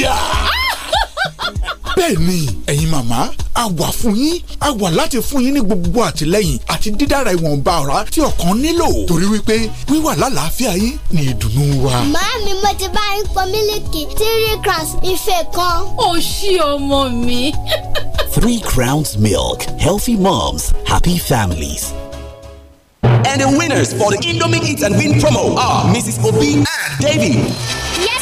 hallelujah. bẹ́ẹ̀ni ẹ̀yin mama, a wà fún yín a wà láti fún yín ní gbogbo àtìlẹ́yìn àti dídára ìwọ̀nba ọ̀rá tí ọkàn nílò torí wípé wíwà lálàáfíà yín ni ìdùnnú wa. màámi mo ti bá yín pọn mílìkì three crowns ife kan. ó ṣí ọmọ mi. three crowns milk healthy moms happy families. And the winners for the Indomie Eat and Win promo are Mrs. Obi and Davy. Yes,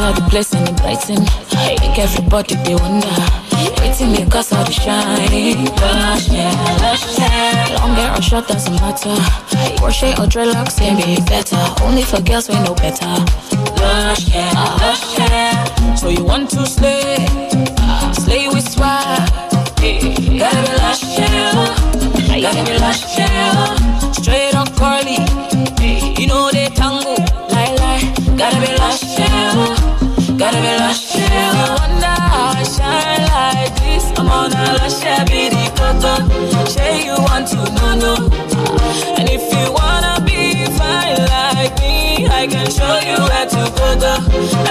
all the place and it brighten. Make everybody they wonder. Waiting me cause all the shine. Lush, yeah, lush, yeah. Long hair or short doesn't matter. Crochet or dreadlocks can be better. Only for girls we know better. Lush, yeah, lush, yeah. So you want to slay? Slay with swag. Gotta be lush, yeah. Gotta be lush, yeah. Straight or curly. You know they tango. Lie, lie. Gotta be lush, yeah gotta be lush. I wonder how I shine like this. I'm on a lush, be the cotton. Say you want to know, no. And if you wanna be fine like me, I can show you where to go,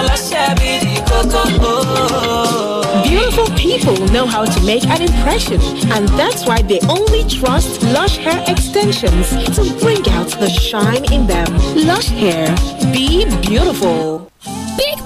A lush, be the cotton. Oh. Beautiful people know how to make an impression, and that's why they only trust Lush Hair Extensions to bring out the shine in them. Lush Hair, be beautiful.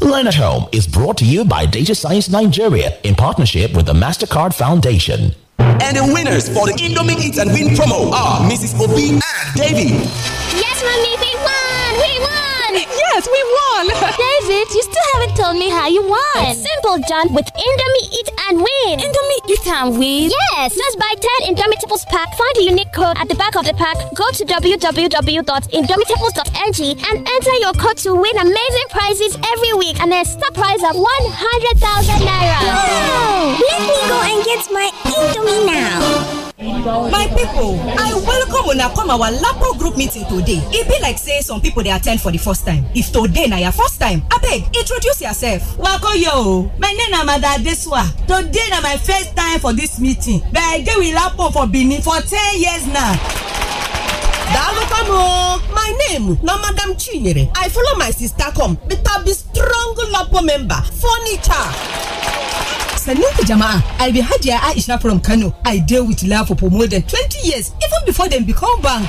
Learn at Home is brought to you by Data Science Nigeria in partnership with the MasterCard Foundation. And the winners for the Indomie Eat and Win promo are Mrs. Obi and Davy. Yes, Mommy, we won! We won! yes, we won! David, you still haven't told me how you won. It's simple, John. With Indomie Eat and Win. Indomie Eat and Win? Yes! Just buy 10 tables pack, find a unique code at the back of the pack, go to www.indomitables.ng and enter your code to win amazing prizes every week and a star prize of 100,000 Naira. Wow. Let me go and get my Indomie now my people, i welcome I come our lapo group meeting today It be like say some people they attend for the first time if today na your first time abeg introduce yourself. yo, my name is mother adesuwa today na my first time for this meeting but i dey with lapo for benin for ten years now my name na madam chinyere i follow my sister come I be strong lapo member furniture sannin ku jama'a i be hajiya aisha from kano i deal with love for more than 20 years even before them become bank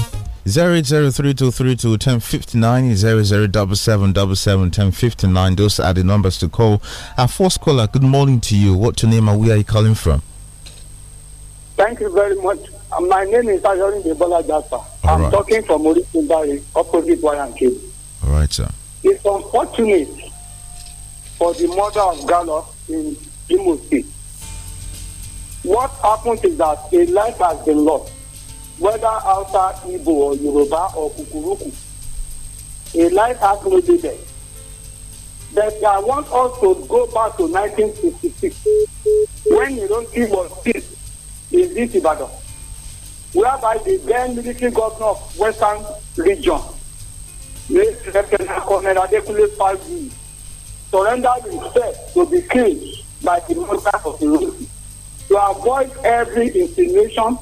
0803232 Those are the numbers to call. Our first caller, good morning to you. What's your name and where are you calling from? Thank you very much. Uh, my name is Ayori Debola I'm right. talking from Orikumbari, opposite Wayanki. All right, sir. It's unfortunate for the mother of Gallo in Imo What happens is that a life has been lost whether Hausa, Igbo, or Yoruba, or Kukuruku. A life has no there. But I want us to go back to 1966 when Ironsi was killed in this Ibadan, whereby the then military governor of Western region, Lieutenant Colonel Adekunle Falvi, surrendered himself to be killed by the monsters of Ironsi to avoid every insinuation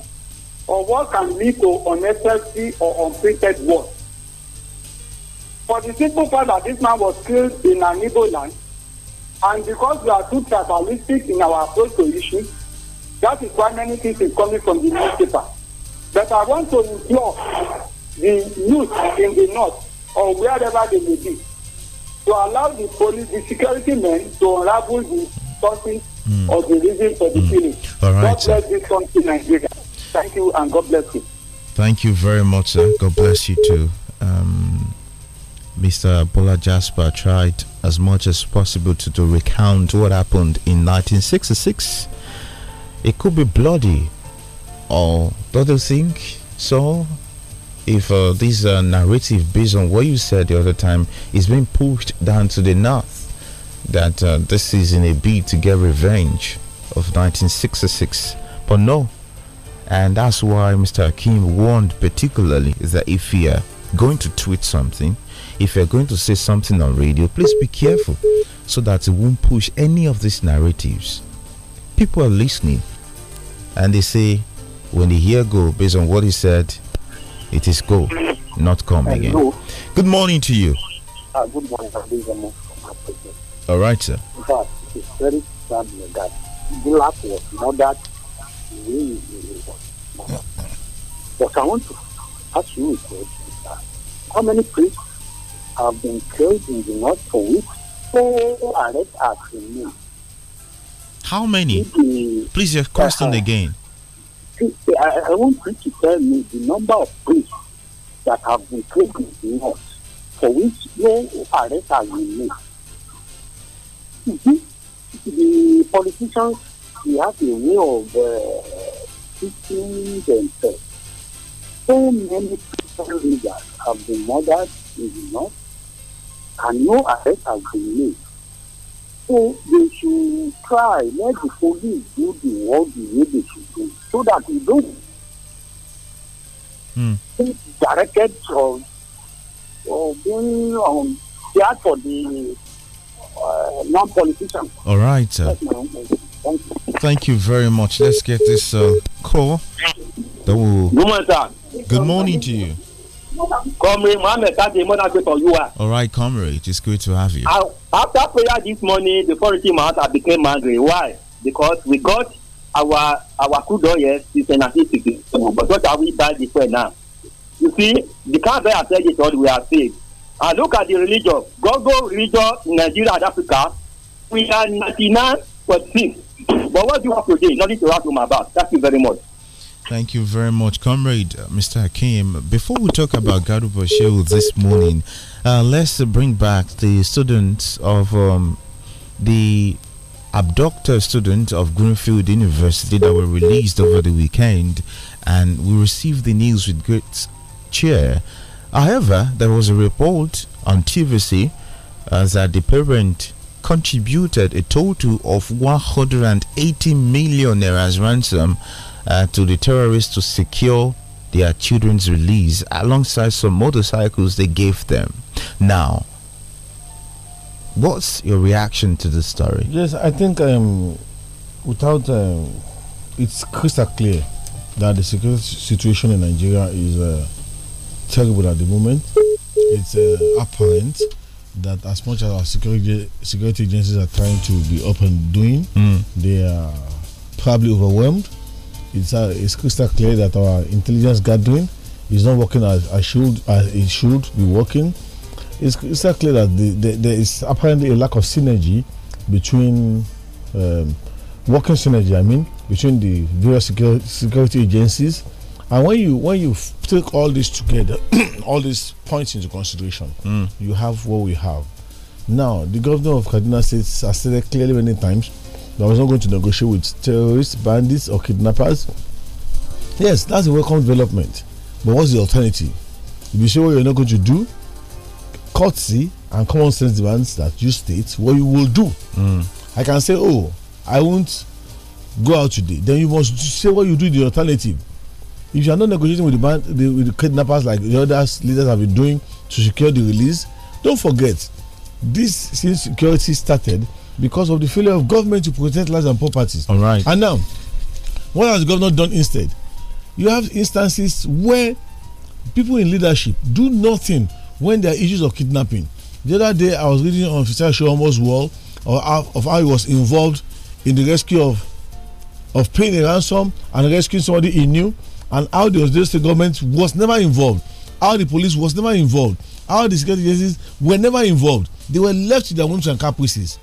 or what can lead to unnecessary or unprinted war. For the simple fact that this man was killed in an Igbo land, and because we are too tribalistic in our approach to issues, that is why many things is coming from the newspaper. But I want to implore the youth in the north or wherever they may be to allow the police, the security men to unravel the sources mm. of the reason for the hmm. killing. Mm. All right. God bless this country, Nigeria. Thank you and God bless you. Thank you very much, sir. God bless you too. Um, Mr. Bola Jasper tried as much as possible to, to recount what happened in 1966. It could be bloody, or don't you think so? If uh, this uh, narrative, based on what you said the other time, is being pushed down to the north, that uh, this is in a bid to get revenge of 1966. But no, and that's why Mr. Akim warned particularly that if you are going to tweet something, if you're going to say something on radio, please be careful so that it won't push any of these narratives. People are listening and they say, when they hear go, based on what he said, it is go, not come Hello. again. Good morning to you. Uh, good morning. All right, sir. it's very sad that Gulak was murdered really, really want But I want to ask you a question. How many priests have been killed in the north for which four are removed? How many? Please, your question again. I, want you to tell me the number of priests that have been killed in the north for which no has are made. The politicians of 你还有没有呃 teaching themselves? So many people leaders have been murdered in the north and no arrest has been made. So they should try, let the police do the work the way they should do so that we don't mm. directed or, being um, there for the uh, non politicians. All right. Uh. Thank you very much. Let's get this uh, call. That will... Good morning, sir. Good morning to you. Comrade Mohammed the Monagbe for you. Ah. All right, comrade. It's good to have you. I, after prayer this morning, before it came out, I became angry. Why? Because we got our our crude oil an 1960. But what are we buying this way now? You see, the country I said it all. what we are saved. And look at the religion. Go go religion in Nigeria and Africa. We are 99.6 but what do you have to do? Nothing to write home about. Thank you very much. Thank you very much, comrade uh, Mr. Hakim. Before we talk about Garuba Bashir this morning, uh, let's uh, bring back the students of um, the abducted students of Greenfield University that were released over the weekend, and we received the news with great cheer. However, there was a report on TVC uh, that the parent contributed a total of 180 million euros ransom uh, to the terrorists to secure their children's release alongside some motorcycles they gave them. Now, what's your reaction to this story? Yes, I think um, without um, it's crystal clear that the security situation in Nigeria is uh, terrible at the moment. It's uh, apparent that as much as our security security agencies are trying to be up and doing, mm. they are probably overwhelmed. It's uh, it's crystal clear that our intelligence gathering is not working as, as should as it should be working. It's crystal clear that the, the, there is apparently a lack of synergy between um, working synergy. I mean between the various security, security agencies and when you when you take all this together, all these points into consideration, mm. you have what we have. Now, the governor of Kaduna State has said it clearly many times that was not going to negotiate with terrorists, bandits, or kidnappers. Yes, that's a welcome development. But what's the alternative? If you say what you're not going to do, courtesy and common sense demands that you state what you will do. Mm. I can say, oh, I won't go out today. Then you must say what you do the alternative if you are not negotiating with the, band, the, with the kidnappers like the other leaders have been doing to secure the release, don't forget, this since security started because of the failure of government to protect lives and properties. All right. And now, what has the government done instead? You have instances where people in leadership do nothing when there are issues of kidnapping. The other day, I was reading on Fitzgerald Shomo's wall of how he was involved in the rescue of of paying a ransom and rescuing somebody he knew and how the Ondo State government was never involved, how the police was never involved, how the security agencies were never involved. They were left to their whims and caprices.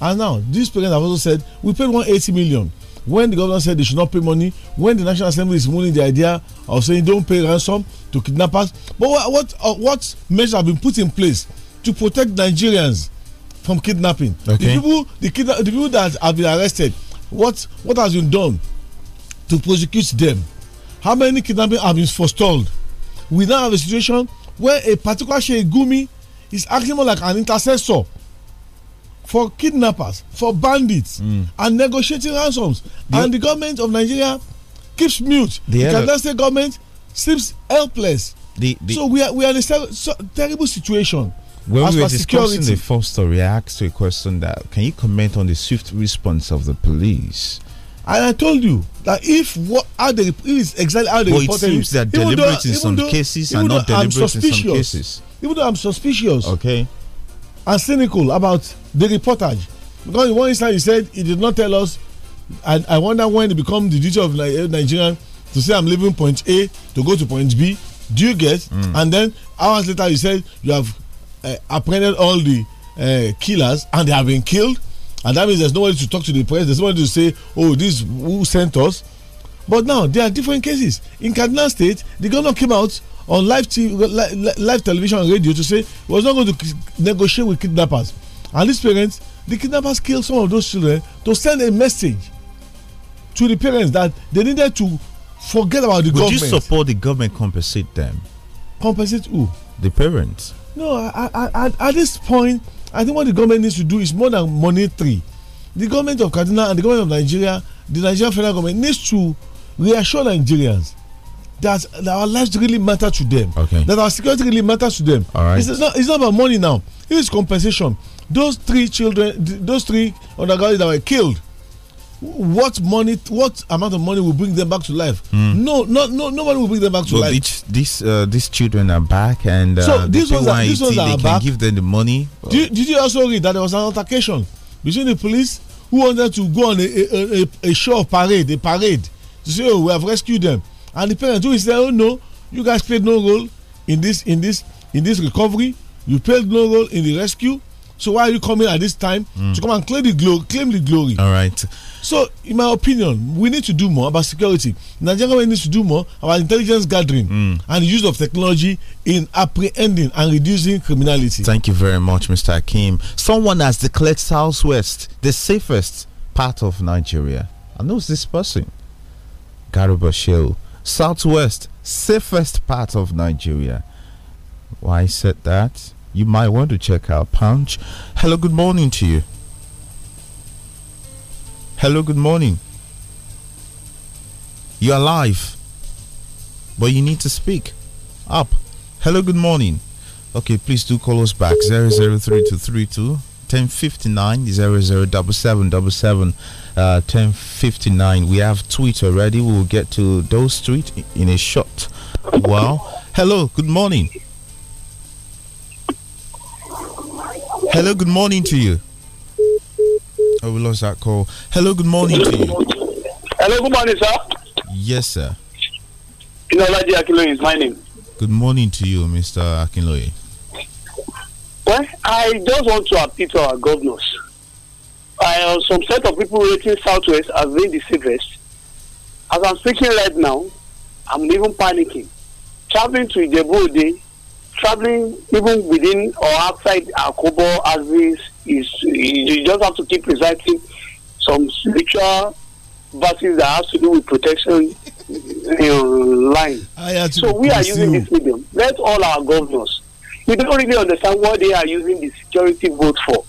And now, these parents have also said, we paid 180 million. When the governor said they should not pay money, when the National Assembly is mooning the idea of saying don't pay ransom to kidnappers, but what what, uh, what measures have been put in place to protect Nigerians from kidnapping? Okay. The people, the, kidna the people that have been arrested, what what has been done to prosecute them? how many kidnappings have been forestalled? We now have a situation where a particular Sheikh is acting more like an intercessor for kidnappers, for bandits, mm. and negotiating ransoms. The and the government of Nigeria keeps mute. The, Kaduna State government seems helpless. The, the so we are we are in a ter so terrible situation. When As we were discussing security. the first story, I asked a question that can you comment on the swift response of the police? And I told you that if what how they it is exactly how they well, reported it seems that deliberate though, in some though, cases and not deliberate in some cases. Even though I'm suspicious, okay, and cynical about the reportage, because one instance he said he did not tell us, and I wonder when it become the duty of Nigerian to say I'm leaving point A to go to point B. Do you get? Mm. And then hours later he said you have uh, apprehended all the uh, killers and they have been killed and that means there's no nobody to talk to the press. There's no nobody to say, oh, this who sent us. But now there are different cases. In Kaduna State, the governor came out on live, TV, live, live television and radio to say he was not going to negotiate with kidnappers. And these parents, the kidnappers killed some of those children to send a message to the parents that they needed to forget about the Would government. Would you support the government compensate them? Compensate who? The parents. No, I, I, I, at this point, I think what the government needs to do is more than monetary. The government of Kaduna and the government of Nigeria, the Nigerian federal government needs to reassure Nigerians that, that our lives really matter to them. Okay. That our security really matters to them. All right. It's, not, it's not about money now. It is compensation. Those three children, those three undergraduates that were killed what money what amount of money will bring them back to life mm. no no no nobody will bring them back to life these uh, these children are back and uh, so these ones, are, these ones they can give them the money did, did you also read that there was an altercation between the police who wanted to go on a a, a, a show of parade a parade to say oh we have rescued them and the parents who is there? oh no you guys played no role in this in this in this recovery you played no role in the rescue so why are you coming at this time mm. to hmm. come and claim the glory? Claim the glory. All right. So, in my opinion, we need to do more about security. Nigeria government needs to do more about intelligence gathering mm. and the use of technology in apprehending and reducing criminality. Thank you very much, Mr. Akim. Someone has declared Southwest the safest part of Nigeria. I know this person, Garuba Shale. Southwest, safest part of Nigeria. Why said that? you might want to check out Punch. Hello, good morning to you. Hello, good morning. You are live, but you need to speak up. Hello, good morning. Okay, please do call us back 003232 1059 uh, 1059. We have tweet already. We will get to those tweet in a short while. Hello, good morning. Hello, good morning to you. Oh, we lost that call. Hello, good morning to you. Hello, good morning, sir. Yes, sir. Inolaji Akinloye is my name. Good morning to you, Mr. Akinloye. Well, I just want to appeal to our governors. I, uh, some set of people rating Southwest as being the safest. As I'm speaking right now, I'm even panicking. Traveling to Ijebu traveling even within or outside Akobo as this is, you just have to keep reciting some spiritual verses that has to do with protection in line. Ah, so we are using this medium. Let all our governors. We don't really understand what they are using the security vote for.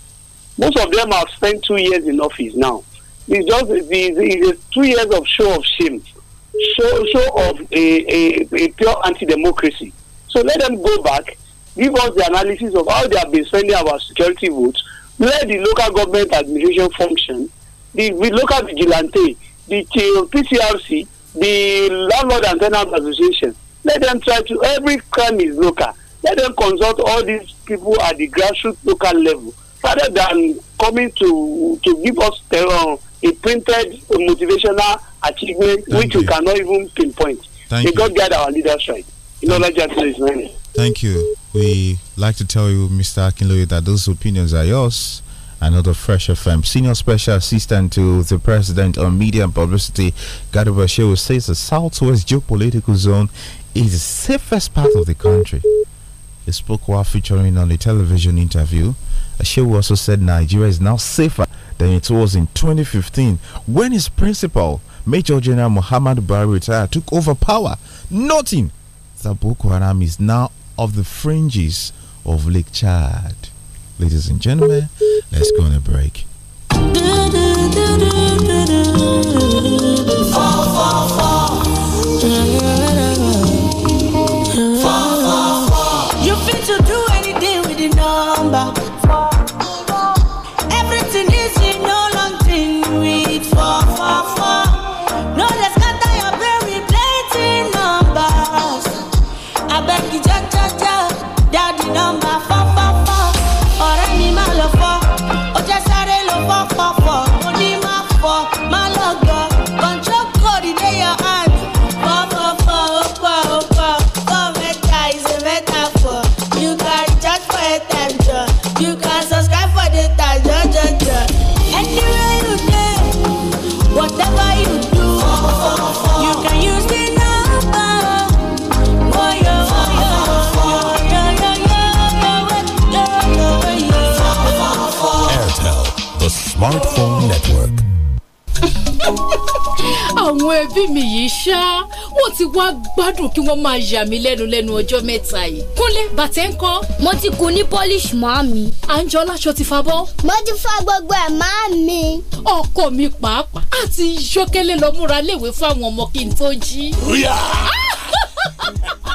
Most of them have spent two years in office now. It's just it's, it's two years of show of shame, show show of a, a, a pure anti-democracy so let them go back, give us the analysis of how they have been spending our security votes, let the local government administration function, the, the local vigilante, the PCRC, the landlord and tenant association. Let them try to, every crime is local. Let them consult all these people at the grassroots local level rather than coming to to give us uh, a printed motivational achievement Thank which you. we cannot even pinpoint. Thank May God guide our leaders right just Thank you. We like to tell you, Mr. Akinloye, that those opinions are yours. Another Fresh FM senior special assistant to the president on media and publicity, Gadu Bashiru, says the southwest geopolitical zone is the safest part of the country. He spoke while featuring on a television interview. Ashewu also said Nigeria is now safer than it was in 2015 when his principal, Major General Muhammad Buhari, took over power. Nothing that Boko Haram is now off the fringes of Lake Chad. Ladies and gentlemen, let's go on a break. àwọn ẹbí mi yìí ṣá wọ́n ti wá gbádùn kí wọ́n máa yà mí lẹ́nu lẹ́nu ọjọ́ mẹ́ta yìí. kúnlẹ̀ bàtẹ́ ń kọ́. mo ti kun ní polish máa mi. àǹjọ́lá aṣọ ti fa bọ́. mo ti fa gbogbo ẹ̀ máa mi. ọkọ mi pàápàá àti yọkẹ́lẹ́ lọ léwe fún àwọn ọmọ kí n tó jí. ríà. Ah!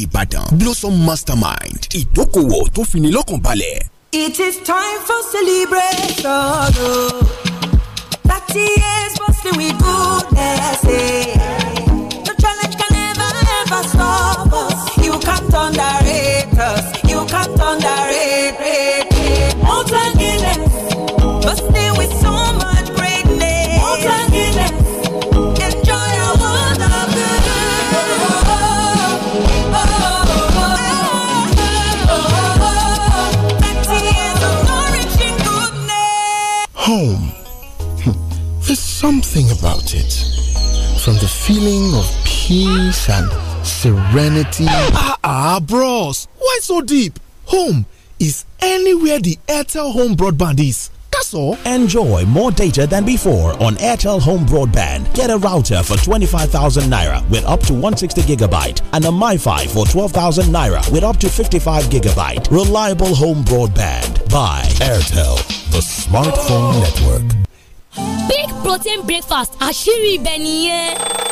Ìbàdàn Blossom Mastermind ìdókòwò tó fini lọ́kàn balẹ̀. It is time for celebration. Oh. thirty years bustling with goodness. Eh? something about it. From the feeling of peace and serenity. Ah, ah, bros, why so deep? Home is anywhere the Airtel home broadband is. That's all. Enjoy more data than before on Airtel Home Broadband. Get a router for 25,000 naira with up to 160 gigabyte and a MiFi for 12,000 naira with up to 55 gigabyte. Reliable home broadband by Airtel, the smartphone network. big protein breakfast àṣírí ibẹ̀ nìyẹn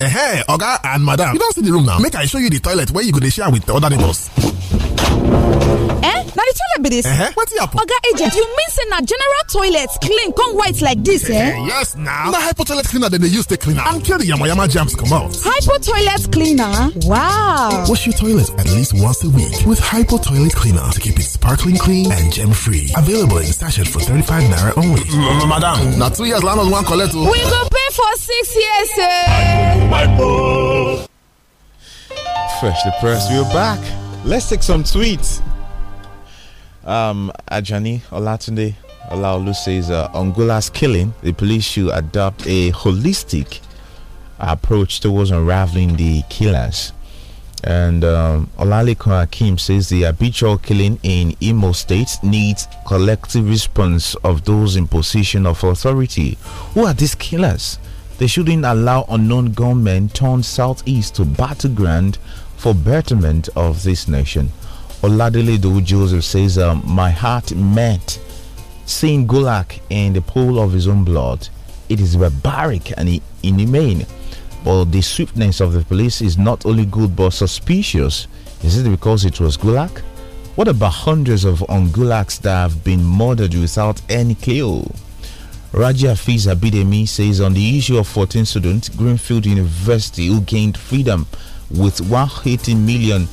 eh oga and madam you don see the room now make i show you the toilet wey you go dey share with other neighbors. eh na the toilet be this. dis uh-huh. wetin happen. oga agent you mean say na general toilet clean come white like this, eh, eh yes na na hypo toilet cleaner dem they use take clean am and kill the yamayama jams come out. hypo toilet cleaner wow wash your toilet at least once a week with hypo toilet cleaner to keep it sparkling clean and germ free available in sachet for 35 naira only madam now two years land wan one o oh. we go pay for six years eh Fresh the press, we're back. Let's take some tweets. Um, Ajani Olatunde Olaolu says uh, killing, the police should adopt a holistic approach towards unraveling the killers. And um, Akim Hakim says the habitual killing in Imo State needs collective response of those in position of authority. Who are these killers? They shouldn't allow unknown gunmen turn southeast to battleground for betterment of this nation. Oladele Dou Joseph says, um, My heart met seeing Gulak in the pool of his own blood. It is barbaric and inhumane. But the swiftness of the police is not only good but suspicious. Is it because it was Gulak? What about hundreds of Ungulaks that have been murdered without any clue? Raja Fiz Abidemi says on the issue of 14 students, Greenfield University who gained freedom with 180 million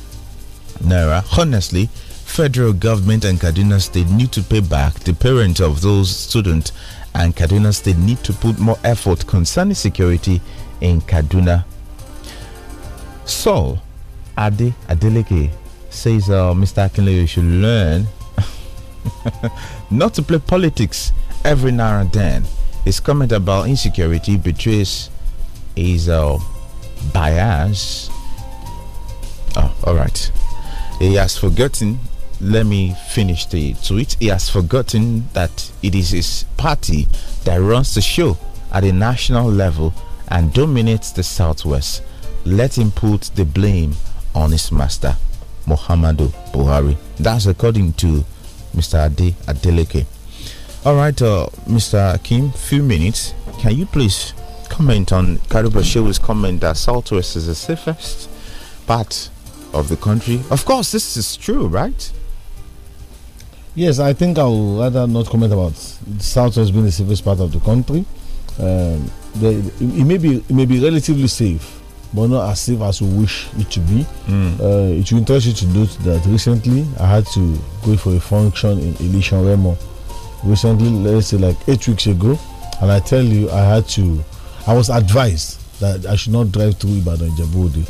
naira. Honestly, federal government and Kaduna State need to pay back the parents of those students, and Kaduna State need to put more effort concerning security in Kaduna. Saul Ade Adeleke says, uh, Mr. Akinle, should learn not to play politics every now and then. His comment about insecurity betrays his uh, bias. Oh, all right. He has forgotten let me finish the tweet. He has forgotten that it is his party that runs the show at a national level and dominates the Southwest. Let him put the blame on his master, Muhammadu Buhari. That's according to Mr. Ade Adeleke. All right, uh, Mr. Kim, few minutes. Can you please comment on Karuba comment that Southwest is the safest? But of the country. Of course, this is true, right? Yes, I think I would rather not comment about the Southwest being the safest part of the country. Um, it, may be it may be relatively safe, but not as safe as we wish it to be. Mm. Uh, it will interest you to note that recently I had to go for a function in Elishan Remo. Recently, let's say like eight weeks ago, and I tell you, I had to, I was advised that I should not drive through Ibadan Jabodi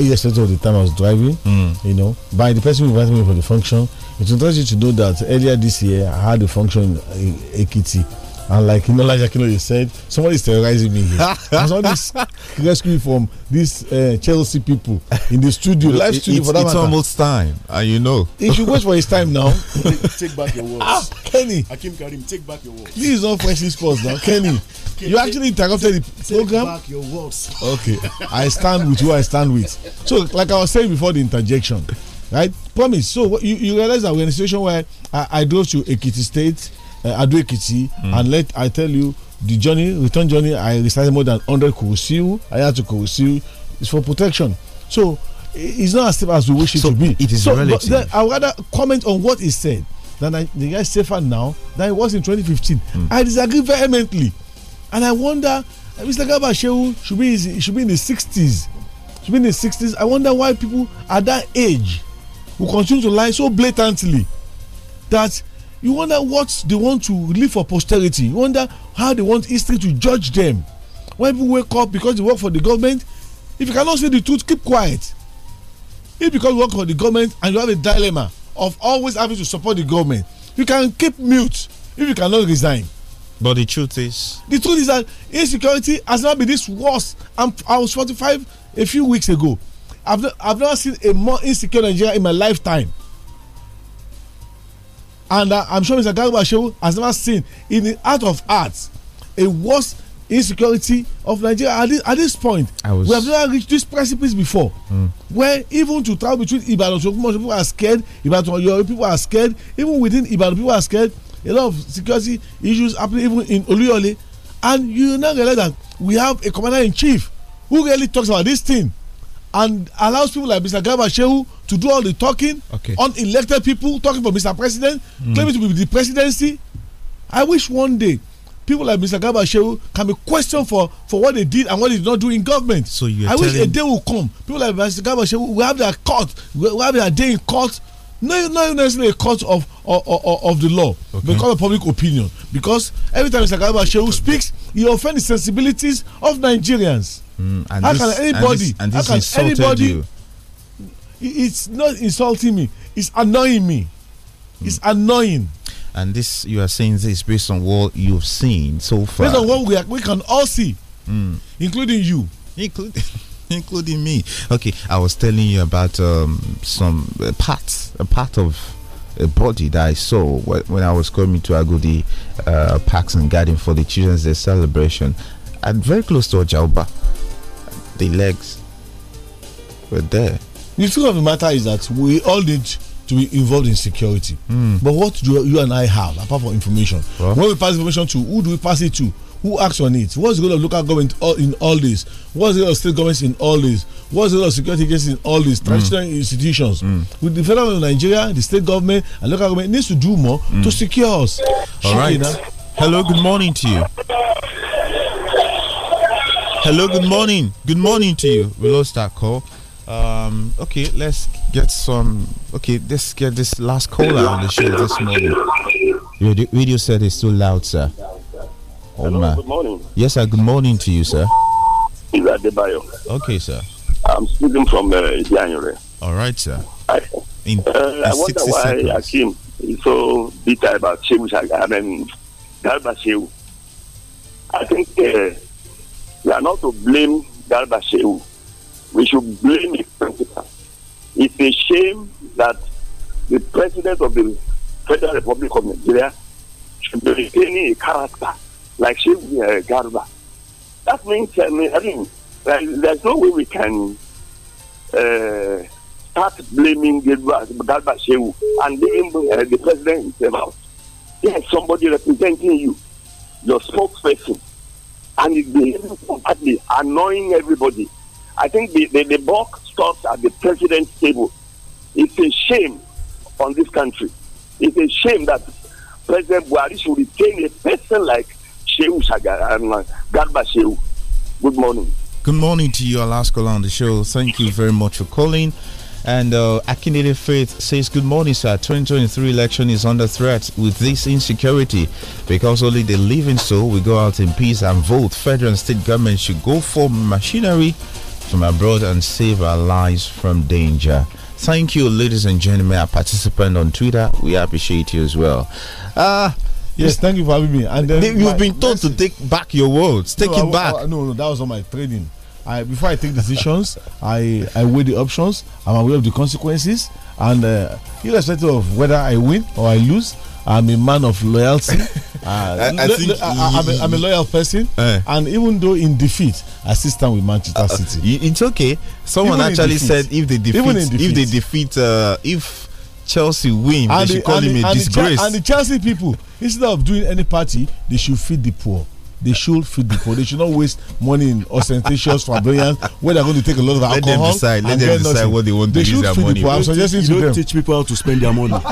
irrespective of the time I was driving, mm. you know, by the person who invited me for the function. It interesting you to know that earlier this year I had a function in Ekiti and like you know, like you know, you said, somebody is terrorizing me here. somebody's rescuing from these uh, Chelsea people in the studio, live studio for that It's matter. almost time, and uh, you know. If you wait for his time now, take back your words. Ah, Kenny. Akim Karim, take back your words. Please do not this Sports now, Kenny. You actually interrupted take, the program. Take back your words. Okay, I stand with who I stand with. So, like I was saying before the interjection, right? Promise. So you, you realize that we're in a situation where I, I drove to Ekiti State uh, Ekiti, mm. and let I tell you the journey, return journey, I recited more than 100 Kurusiu, I had to Kurusiu, it's for protection. So it's not as safe as we wish it so to be. It is so, relative. Then I rather comment on what is said than the guy is safer now than it was in 2015. Mm. I disagree vehemently, and I wonder uh, Mr. Garba Shehu should be easy. should be in the 60s. Should be in the 60s. I wonder why people at that age will continue to lie so blatantly that you wonder what they want to leave for posterity you wonder how they want history to judge them when people wake up because they work for the government if you cannot say the truth keep quiet if because you work for the government and you have a dilemma of always having to support the government you can keep mute if you cannot resign. but the truth is. the truth is that insecurity has not been this worse I'm, i was forty-five a few weeks ago i have I've never seen a more insecure nigeria in my lifetime and uh, i'm sure mr garba has never seen in the art of arts a worse insecurity of nigeria at this, at this point we have never reached this precipice before mm. where even to travel between ibadan to ogunmosho people are scared ibadan people are scared even within ibadan people are scared a lot of security issues happen even in oluyole and you now realize that we have a commander in chief who really talks about this thing and allows people like Mr. Garba Shehu to do all the talking. Okay. Unelected people talking for Mr. President, mm. claiming to be the presidency. I wish one day people like Mr. Garba Shehu can be questioned for for what they did and what they did not do in government. So you. I wish a day will come. People like Mr. Garba Shehu will have their court. Will have their day in court. No, not necessarily a court of of, of, of the law okay. because of public opinion. Because every time Mr. Garba Shehu speaks, he offends the sensibilities of Nigerians. Mm, and how this, can anybody? And this, and this how can anybody? You? It's not insulting me. It's annoying me. Mm. It's annoying. And this, you are saying this based on what you've seen so far. Based on what we, are, we can all see, mm. including you, including. including me. Okay, I was telling you about um, some uh, parts, a part of a body that I saw when I was coming to Agudi uh, Parks and Garden for the Children's Day celebration. and very close to Ojauba the legs were there. The truth of the matter is that we all need to be involved in security. Mm. But what do you and I have apart from information? Well. When we pass information to, who do we pass it to? Who acts on it? What's the role of local government in all this? What's the role of state governments in all this? What's the role of security agencies in all this? Hmm. Traditional mm. institutions. Mm. With the federal of Nigeria, the state government and local government needs to do more hmm. to secure us. All Shikina. right. Hello, good morning to you. Hello, good morning. Good morning to you. We lost that call. Um, okay, let's get some. Okay, let's get this last caller on the show this morning. Your video said it's too loud, sir. Oh, Hello, good morning. Yes, sir. Good morning to you, sir. Is the Debayo? Okay, sir. I'm speaking from uh, January. All right, sir. I, in, uh, in I wonder why seconds. Akim is so bitter about Shehu. I mean, Garba you, I think. Uh, we are not to blame Garba Shehu. We should blame the principal. It's a shame that the president of the Federal Republic of Nigeria should be retaining a character like Shehu uh, Garba. That means, I mean, I mean there's no way we can uh, start blaming Garba, Garba Shehu and leaving uh, the president himself out. There's somebody representing you, your spokesperson and it's behaving badly, annoying everybody. I think the, the, the buck stops at the president's table. It's a shame on this country. It's a shame that President Buhari should retain a person like Shehu Shagara and um, Garba Shehu. Good morning. Good morning to you, Alaska, on the show. Thank you very much for calling. And uh, Akinele Faith says, Good morning, sir. 2023 election is under threat with this insecurity because only the living soul will go out in peace and vote. Federal and state government should go for machinery from abroad and save our lives from danger. Thank you, ladies and gentlemen, our participant on Twitter. We appreciate you as well. Ah. Uh, Yes, thank you for having me. And then you've been told message. to take back your words. Take no, it I, back. I, no, no, that was on my training. I before I take decisions, I I weigh the options. I'm aware of the consequences, and uh, irrespective of whether I win or I lose, I'm a man of loyalty. Uh, I, I think I, am a, a loyal person, uh, and even though in defeat, I still stand with Manchester uh, City. It's okay. Someone even actually said if they defeat, defeat, if they defeat, if Chelsea win, and they the, should call him the, a disgrace. and the Chelsea people, instead of doing any party, they should feed the poor they should feed the poor. They should not waste money in ostentatious flamboyance where they're going to take a lot of alcohol. Let them decide. Let them decide nothing. what they want they to use their money. I'm suggesting you to don't them. teach people how to spend their money.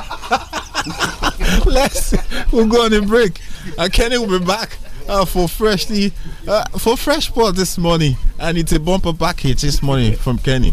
Let's we'll go on a break, and Kenny will be back. Uh, for freshly uh, for fresh pot this morning and it's a bumper package this morning from Kenny.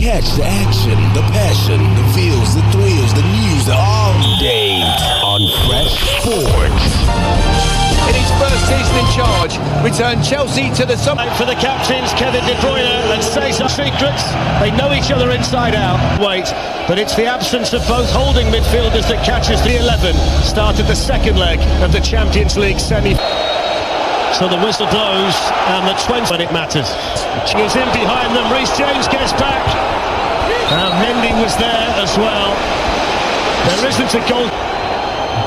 Catch the action, the passion, the feels, the thrills, the news all day on Fresh Sports. In his first season in charge, returned Chelsea to the summit. For the captains, Kevin De Bruyne and some Secrets, they know each other inside out. Wait, but it's the absence of both holding midfielders that catches the 11. Started the second leg of the Champions League semi. So the whistle blows and the 20 when it matters. She is in behind them. Reese James gets back. And Mendy was there as well. There isn't a goal.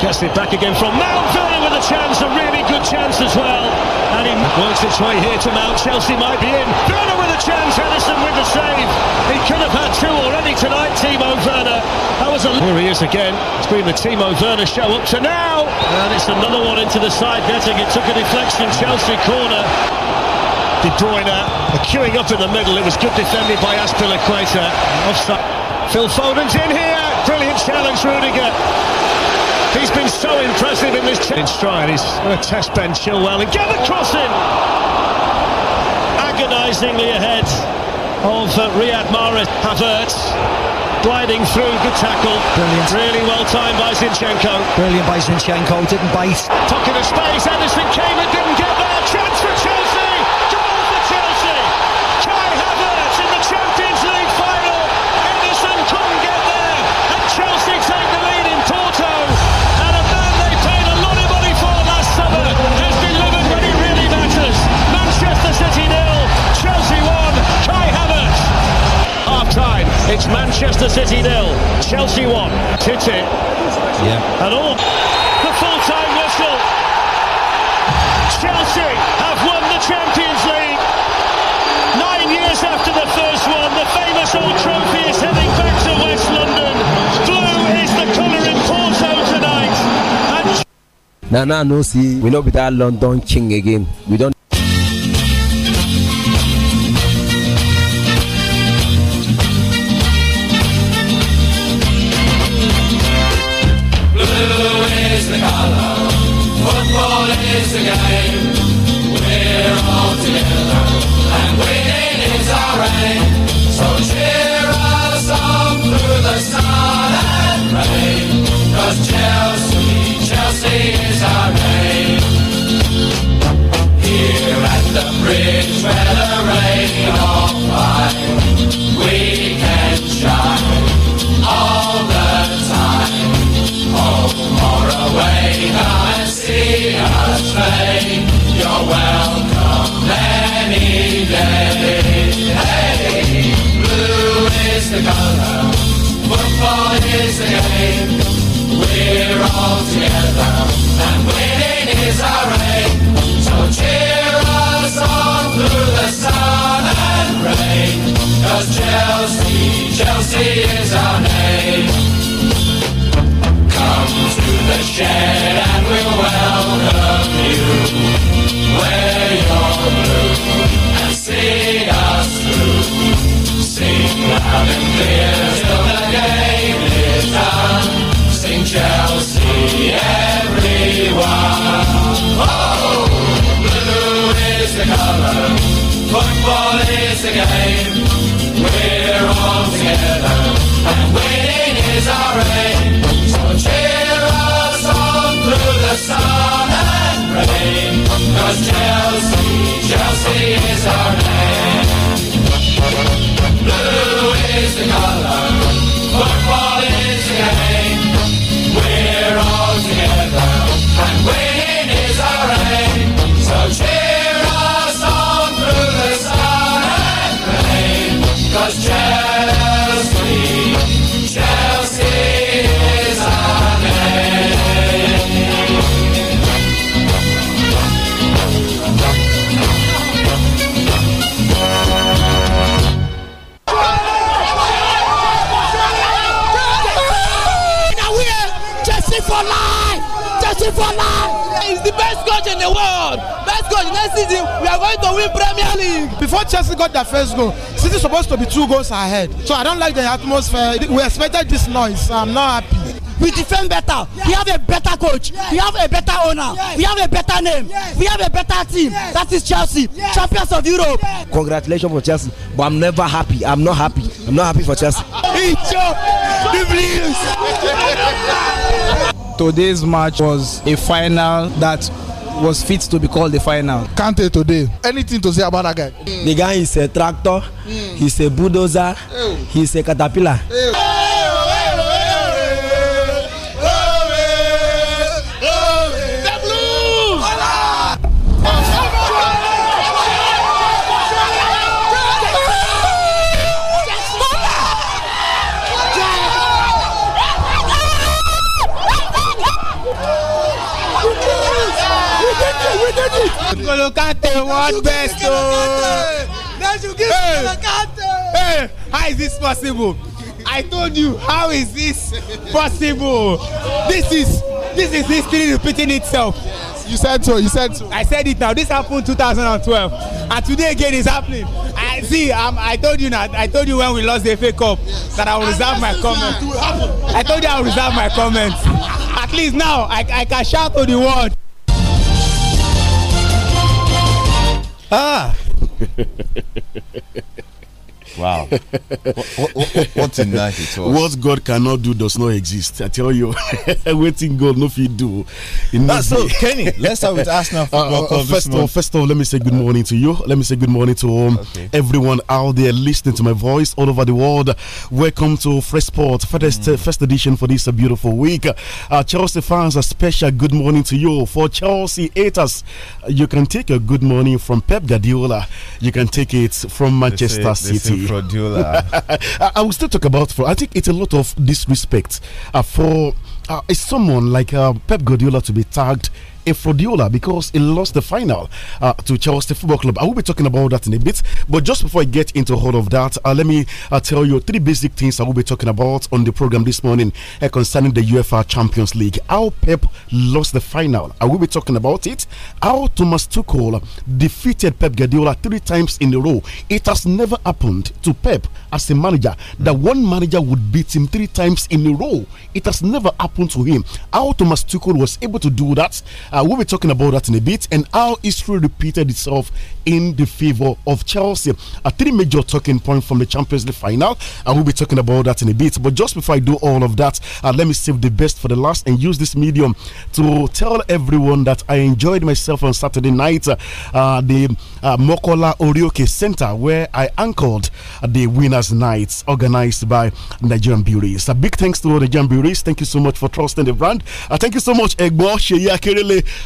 Gets it back again from Mount Villa with a chance, a really good chance as well. And he works its way here to Mount. Chelsea might be in. Werner with a chance, Henderson with the save. He could have had two already tonight, Timo Werner. That was a... Here he is again. It's been the Timo Werner show up to now. And it's another one into the side netting. It took a deflection, Chelsea corner. De Bruyne queuing up in the middle. It was good defended by Aspilicueta. Offside. Phil Foden's in here. Brilliant challenge, Rudiger. He's been so impressive in this in stride. He's a to test Ben Chilwell and get the cross in. Agonisingly ahead of uh, Riyad Mahrez. Havertz gliding through, good tackle. Brilliant. Really well timed by Zinchenko. Brilliant by Zinchenko, didn't bite. Tucking into space, Anderson came and didn't get there. It's Manchester City nil, Chelsea one. Titi. Yeah. And all. The full-time whistle. Chelsea have won the Champions League. Nine years after the first one, the famous old trophy is heading back to West London. Blue is the colour in Porto tonight. And... Now, now, no, see, we'll not be that London king again. We don't. is our name. Come to the shed and we'll welcome you. Wear your blue and see us through. Sing loud and clear till the game is done. Sing Chelsea, everyone. Oh, blue is the color, football is the game. We're all together, and winning is our aim. So cheer us on through the sun and Chelsea, Chelsea is our name. Blue is the color. Ajibola. He is the best coach in the world. Best coach next season we are going to win Premier League. Before Chelsea got their first goal, City supposed to be two goals ahead. So I don't like the atmosphere. We expected this noise. I'm not happy. We defend better. Yes. We have a better coach. Yes. We have a better owner. Yes. We have a better name. Yes. We have a better team. Yes. That is Chelsea, yes. champions of Europe. Yes. Congratulations for Chelsea, but I'm never happy. I'm not happy. I'm not happy for Chelsea. Icho, the blues. Today's match was a final that was fit to be called the final. Kante today, anything to say about that guy? Mm. The guy is a tractor, mm. he's a bulldozer, Ew. he's a caterpillar. Ew. N'Golo Kante world best ooo. Oh. you give N'Golo Kante. Hey, how is this possible? I told you how is this possible? This is this is history repeating itself. Yes, you said so. You said so. I said it now. This happened 2012, and today again is happening. I see. Um, I told you now. I told you when we lost the FA Cup yes. that I will reserve my comment. I told you I will reserve my comments. At least now I, I can shout to the world. Ah. Wow. what, what, what's in that? What God cannot do does not exist. I tell you, waiting God no fit do. That's ah, so, Kenny. Let's start with Arsenal uh, football uh, First of all, first of all, let me say good uh, morning to you. Let me say good morning to um, okay. everyone out there listening to my voice all over the world. Welcome to Fresh Sport first mm. first edition for this uh, beautiful week. Uh, Chelsea fans, a special good morning to you. For Chelsea haters, you can take a good morning from Pep Guardiola. You can take it from Manchester City fraud I, I, will still talk about fraud. I think it's a lot of disrespect uh, for uh, someone like uh, Pep Guardiola to be tagged Efrodiola because he lost the final uh, to Chelsea Football Club. I will be talking about that in a bit. But just before I get into all of that, uh, let me uh, tell you three basic things I will be talking about on the program this morning uh, concerning the UEFA Champions League. How Pep lost the final. I will be talking about it. How Thomas Tuchel defeated Pep Guardiola three times in a row. It has never happened to Pep as a manager that one manager would beat him three times in a row. It has never happened to him. How Thomas Tuchel was able to do that uh, we'll be talking about that in a bit and how history repeated itself in the favour of Chelsea. Uh, three major talking points from the Champions League final. I uh, will be talking about that in a bit. But just before I do all of that, uh, let me save the best for the last and use this medium to tell everyone that I enjoyed myself on Saturday night. Uh, the uh, Mokola Orioke Center, where I anchored the Winners' Nights organized by Nigerian Breweries. A big thanks to all the Nigerian Breweries. Thank you so much for trusting the brand. Uh, thank you so much, Egbo Sheya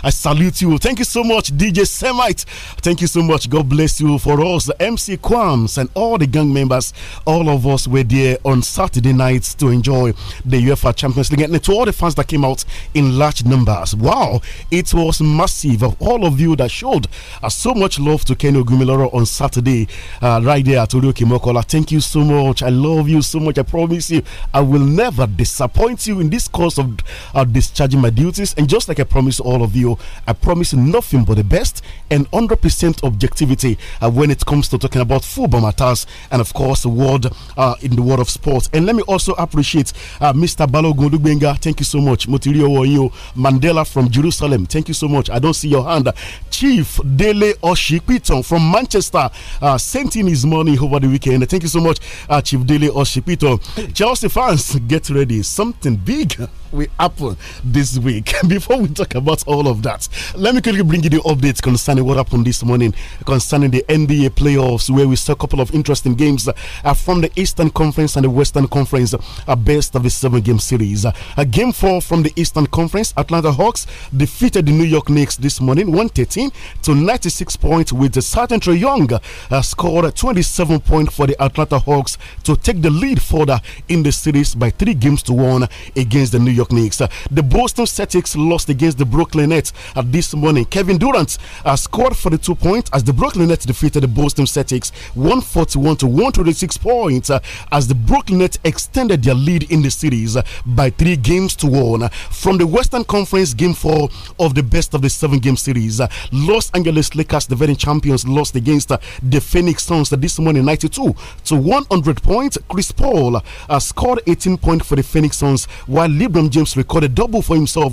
I salute you. Thank you so much, DJ Semite. Thank you so much. God bless you for us, the MC Quams and all the gang members. All of us were there on Saturday nights to enjoy the UEFA Champions League. And to all the fans that came out in large numbers. Wow, it was massive of all of you that showed uh, so much love to Kenny Ogumiloro on Saturday, uh, right there at Orioke Mokola. Thank you so much. I love you so much. I promise you, I will never disappoint you in this course of uh, discharging my duties. And just like I promised all of of you. I promise nothing but the best and 100% objectivity uh, when it comes to talking about football matters and, of course, the world uh, in the world of sports. And let me also appreciate uh, Mr. Balogun Lugbenga. Thank you so much. Motirio you, Mandela from Jerusalem. Thank you so much. I don't see your hand. Chief Dele Oshipiton from Manchester uh, sent in his money over the weekend. Thank you so much, uh, Chief Dele Oshipiton. Chelsea fans, get ready. Something big will happen this week. Before we talk about all all of that. Let me quickly bring you the updates concerning what happened this morning concerning the NBA playoffs, where we saw a couple of interesting games uh, from the Eastern Conference and the Western Conference, uh, best of the seven game series. Uh, game four from the Eastern Conference, Atlanta Hawks defeated the New York Knicks this morning 113 to 96 points, with the Sergeant Trey Young uh, scored 27 points for the Atlanta Hawks to take the lead further in the series by three games to one against the New York Knicks. Uh, the Boston Celtics lost against the Brooklyn. At uh, this morning. Kevin Durant uh, scored 42 points as the Brooklyn Nets defeated the Boston Celtics 141 to 126 points uh, as the Brooklyn Nets extended their lead in the series uh, by three games to one. From the Western Conference Game 4 of the best of the seven game series, uh, Los Angeles Lakers, the defending champions, lost against uh, the Phoenix Suns this morning 92 to 100 points. Chris Paul scored 18 points for the Phoenix Suns while LeBron James recorded double for himself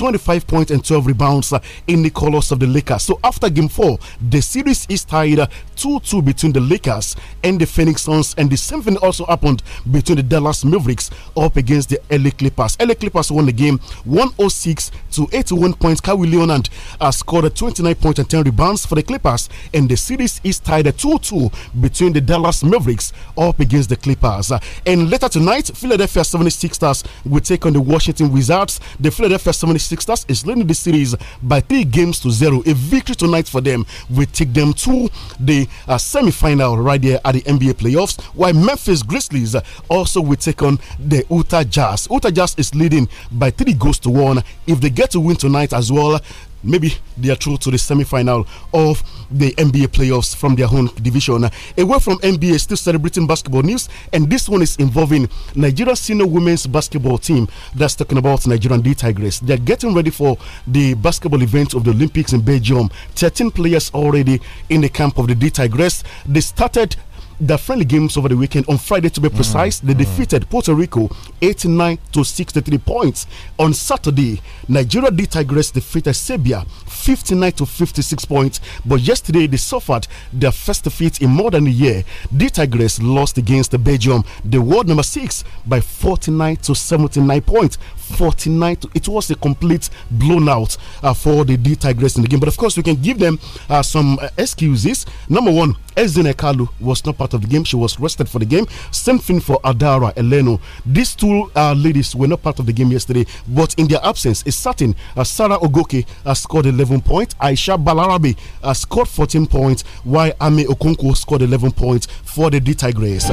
25 points and 12 12 rebounds uh, in the colors of the Lakers. So after game four, the series is tied uh, 2-2 between the Lakers and the Phoenix Suns. And the same thing also happened between the Dallas Mavericks up against the LA Clippers. LA Clippers won the game 106 to 81 points. Kawhi Leonard has scored 29 points and 10 rebounds for the Clippers. And the series is tied at 2-2 between the Dallas Mavericks up against the Clippers. And later tonight, Philadelphia 76ers will take on the Washington Wizards. The Philadelphia 76ers is leading the series by three games to zero. A victory tonight for them will take them to the a uh, semi final right there at the NBA playoffs, while Memphis Grizzlies uh, also will take on the Utah Jazz. Utah Jazz is leading by three goals to one. If they get to win tonight as well, maybe they are through to the semi final of the NBA playoffs from their home division. Away from NBA, still celebrating basketball news, and this one is involving Nigeria senior women's basketball team that's talking about Nigerian D Tigress. They're getting ready for the basketball event of the Olympics in Belgium. 13 players already in the camp of the D Tigress. They started the friendly games over the weekend on Friday to be mm. precise. Mm. They defeated Puerto Rico 89 to 63 points. On Saturday, Nigeria D Tigress defeated Serbia 59 to 56 points. But yesterday they suffered their first defeat in more than a year. The Tigers lost against Belgium, the world number six, by 49 to 79 points. 49 to, it was a complete blown out uh, for the D Tigers in the game. But of course, we can give them uh, some uh, excuses. Number one, Ezine Kalu was not part of the game. She was rested for the game. Same thing for Adara Eleno. These two uh, ladies were not part of the game yesterday, but in their absence, it's certain uh, Sarah Ogoke uh, scored 11 11 points. Aisha Balarabi uh, scored 14 points, while Ame Okonkwo scored 11 points for the D Tigers.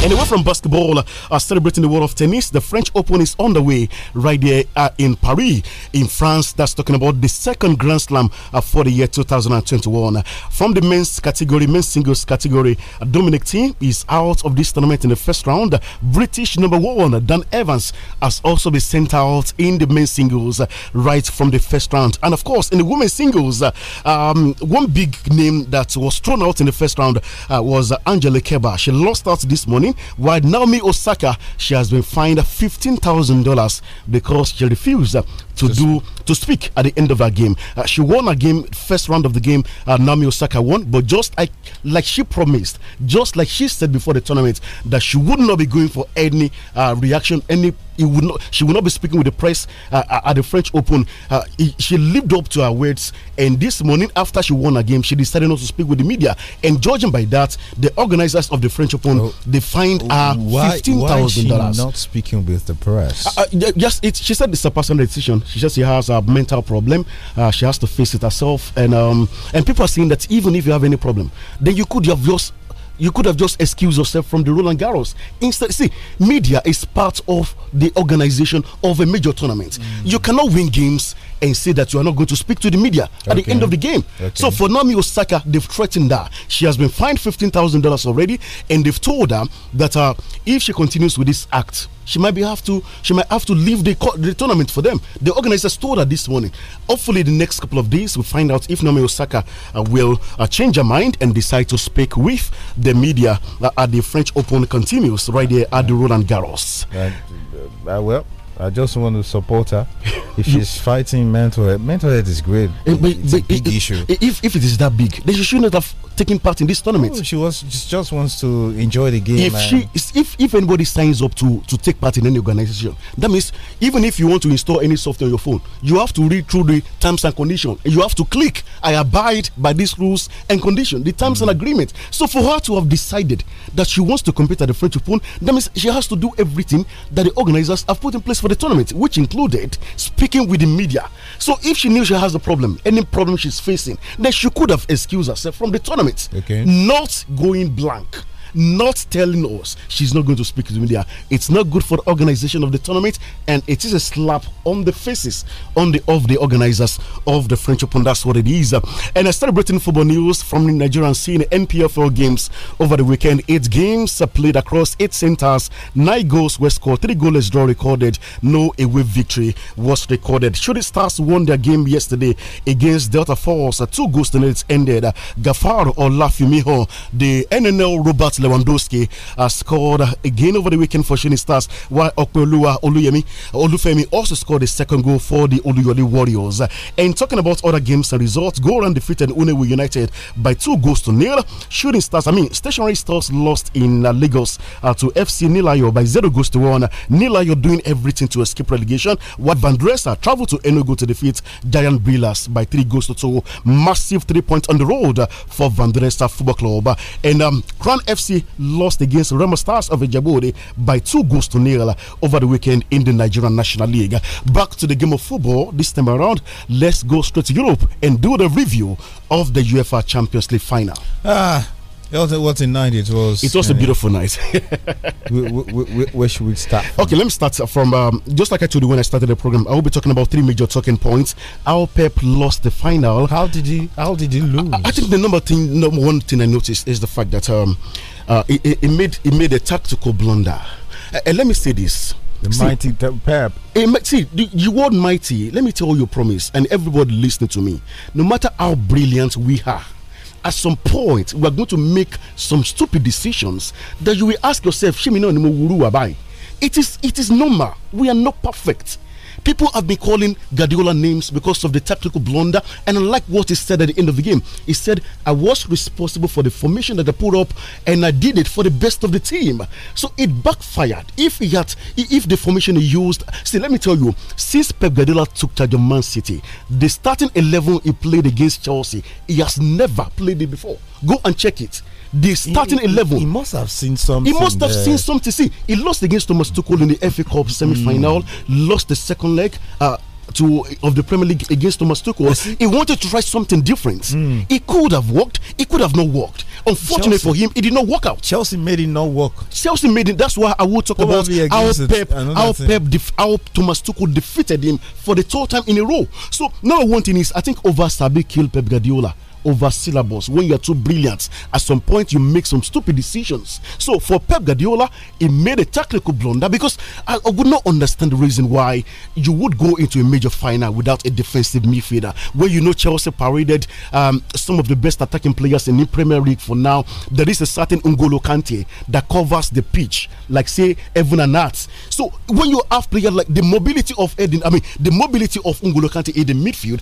And away from basketball, uh, celebrating the world of tennis, the French Open is on the way right there uh, in Paris, in France. That's talking about the second Grand Slam uh, for the year 2021. From the men's category, men's singles category, uh, Dominic Thiem is out of this tournament in the first round. British number one, Dan Evans, has also been sent out in the men's singles uh, right from the first round. And of course, in the women's singles, uh, um, one big name that was thrown out in the first round was Angela Keba. She lost out this morning. While Naomi Osaka, she has been fined $15,000 because she refused to, do to speak at the end of a game. Uh, she won a game first round of the game. Uh, Naomi Osaka won, but just like like she promised, just like she said before the tournament, that she would not be going for any uh, reaction, any it would not she would not be speaking with the press uh, at the french open uh, she lived up to her words and this morning after she won a game she decided not to speak with the media and judging by that the organizers of the french open oh, they fined her why, $15000 not speaking with the press uh, uh yes it, she said it's a personal decision she just she has a mental problem. Uh, she has to face it herself, and um, and people are saying that even if you have any problem, then you could have just you could have just excused yourself from the Roland Garros. Instead, see, media is part of the organization of a major tournament. Mm You cannot win games and say that you are not going to speak to the media okay. at the end of the game. Okay. So for Naomi Osaka, they've threatened her. She has been fined fifteen thousand dollars already, and they've told her that uh, if she continues with this act she might be have to she might have to leave the, the tournament for them. The organizers told her this morning. Hopefully, the next couple of days we'll find out if Naomi Osaka uh, will uh, change her mind and decide to speak with the media uh, at the French Open continues right there at the Roland Garros. Uh, uh, well. I just want to support her. If she's fighting mental health, mental health is great. Eh, but, a big it, issue. If, if it is that big, then she shouldn't have taking part in this tournament. Oh, she was she just wants to enjoy the game. If she if if anybody signs up to to take part in any organization, that means even if you want to install any software on your phone, you have to read through the terms and conditions. You have to click. I abide by these rules and conditions, the terms mm. and agreement. So for her to have decided that she wants to compete at the French Open, that means she has to do everything that the organizers have put in place for the tournament, which included speaking with the media. So if she knew she has a problem, any problem she's facing, then she could have excused herself from the tournament. Okay. Not going blank not telling us she's not going to speak to the media. It's not good for the organization of the tournament, and it is a slap on the faces on the of the organizers of the French Open. That's what it is. And I started breaking football news from the Nigerian scene. NPFL games over the weekend. Eight games played across eight centers. Nine goals were scored. Three goalless draw recorded. No away victory was recorded. Shooting Stars won their game yesterday against Delta Force. Two goals to nil. It ended. Gafar Olafumiho, the NNL Robert Lewandowski uh, scored again over the weekend for shining Stars, while Okpelua Oluyemi Olufemi also scored the second goal for the Oluyole Warriors. And talking about other games and results, Goran defeated Unewu United by two goals to nil. Shooting Stars, I mean, Stationary Stars lost in uh, Lagos uh, to FC Nilayo by zero goals to one. Nilayo doing everything to escape relegation, while Bandresa traveled to Enugu to defeat Giant Brillas by three goals to two. Massive three points on the road for Bandresa Football Club. And um, Crown FC lost against Rema Stars of Ejabode by two goals to nil uh, over the weekend in the Nigerian National League. Back to the game of football this time around. Let's go straight to Europe and do the review of the UEFA Champions League final. Ah it was. It was yeah, a uh, beautiful yeah. night. where should we start? From? Okay, let me start from um, just like I told you when I started the program. I will be talking about three major talking points. How Pep lost the final. How did he? How did he lose? I, I think the number thing, number one thing I noticed is the fact that um, uh, he, he made he made a tactical blunder. Uh, and uh, let me say this. The see, mighty Pep. see, the, the word mighty, let me tell you a promise, and everybody listening to me, no matter how brilliant we are, at some point we are going to make some stupid decisions that you will ask yourself, Shimino It is it is normal. We are not perfect People have been calling Guardiola names because of the tactical blunder, and unlike what he said at the end of the game, he said, "I was responsible for the formation that I put up, and I did it for the best of the team." So it backfired. If he had, if the formation he used, see, let me tell you, since Pep Guardiola took charge of Man City, the starting eleven he played against Chelsea, he has never played it before. Go and check it the starting he, he, eleven. He must have seen something. He must have there. seen something. See, he lost against Thomas Tuchel in the FA Cup hmm. semi-final. Mm. Lost the second leg. Uh, to of the Premier League against Thomas Tuchel. He wanted to try something different. Mm. It could have worked. It could have not worked. Unfortunately for him, it did not work out. Chelsea made it not work. Chelsea made it. That's why I will talk Probably about how Pep, how Pep, how Thomas Tuchel defeated him for the third time in a row. So now one thing is, I think over Sabi killed Pep Guardiola over syllables when you're too brilliant. At some point, you make some stupid decisions. So for Pep Guardiola, he made a tactical blunder because I, I would not understand the reason why you would go into a major final without a defensive midfielder. Where you know Chelsea paraded um, some of the best attacking players in the Premier League for now. There is a certain Ungolo Kante that covers the pitch, like say Evan Nats. So when you have players like the mobility of Edin, I mean the mobility of Ungolo Kante in the midfield,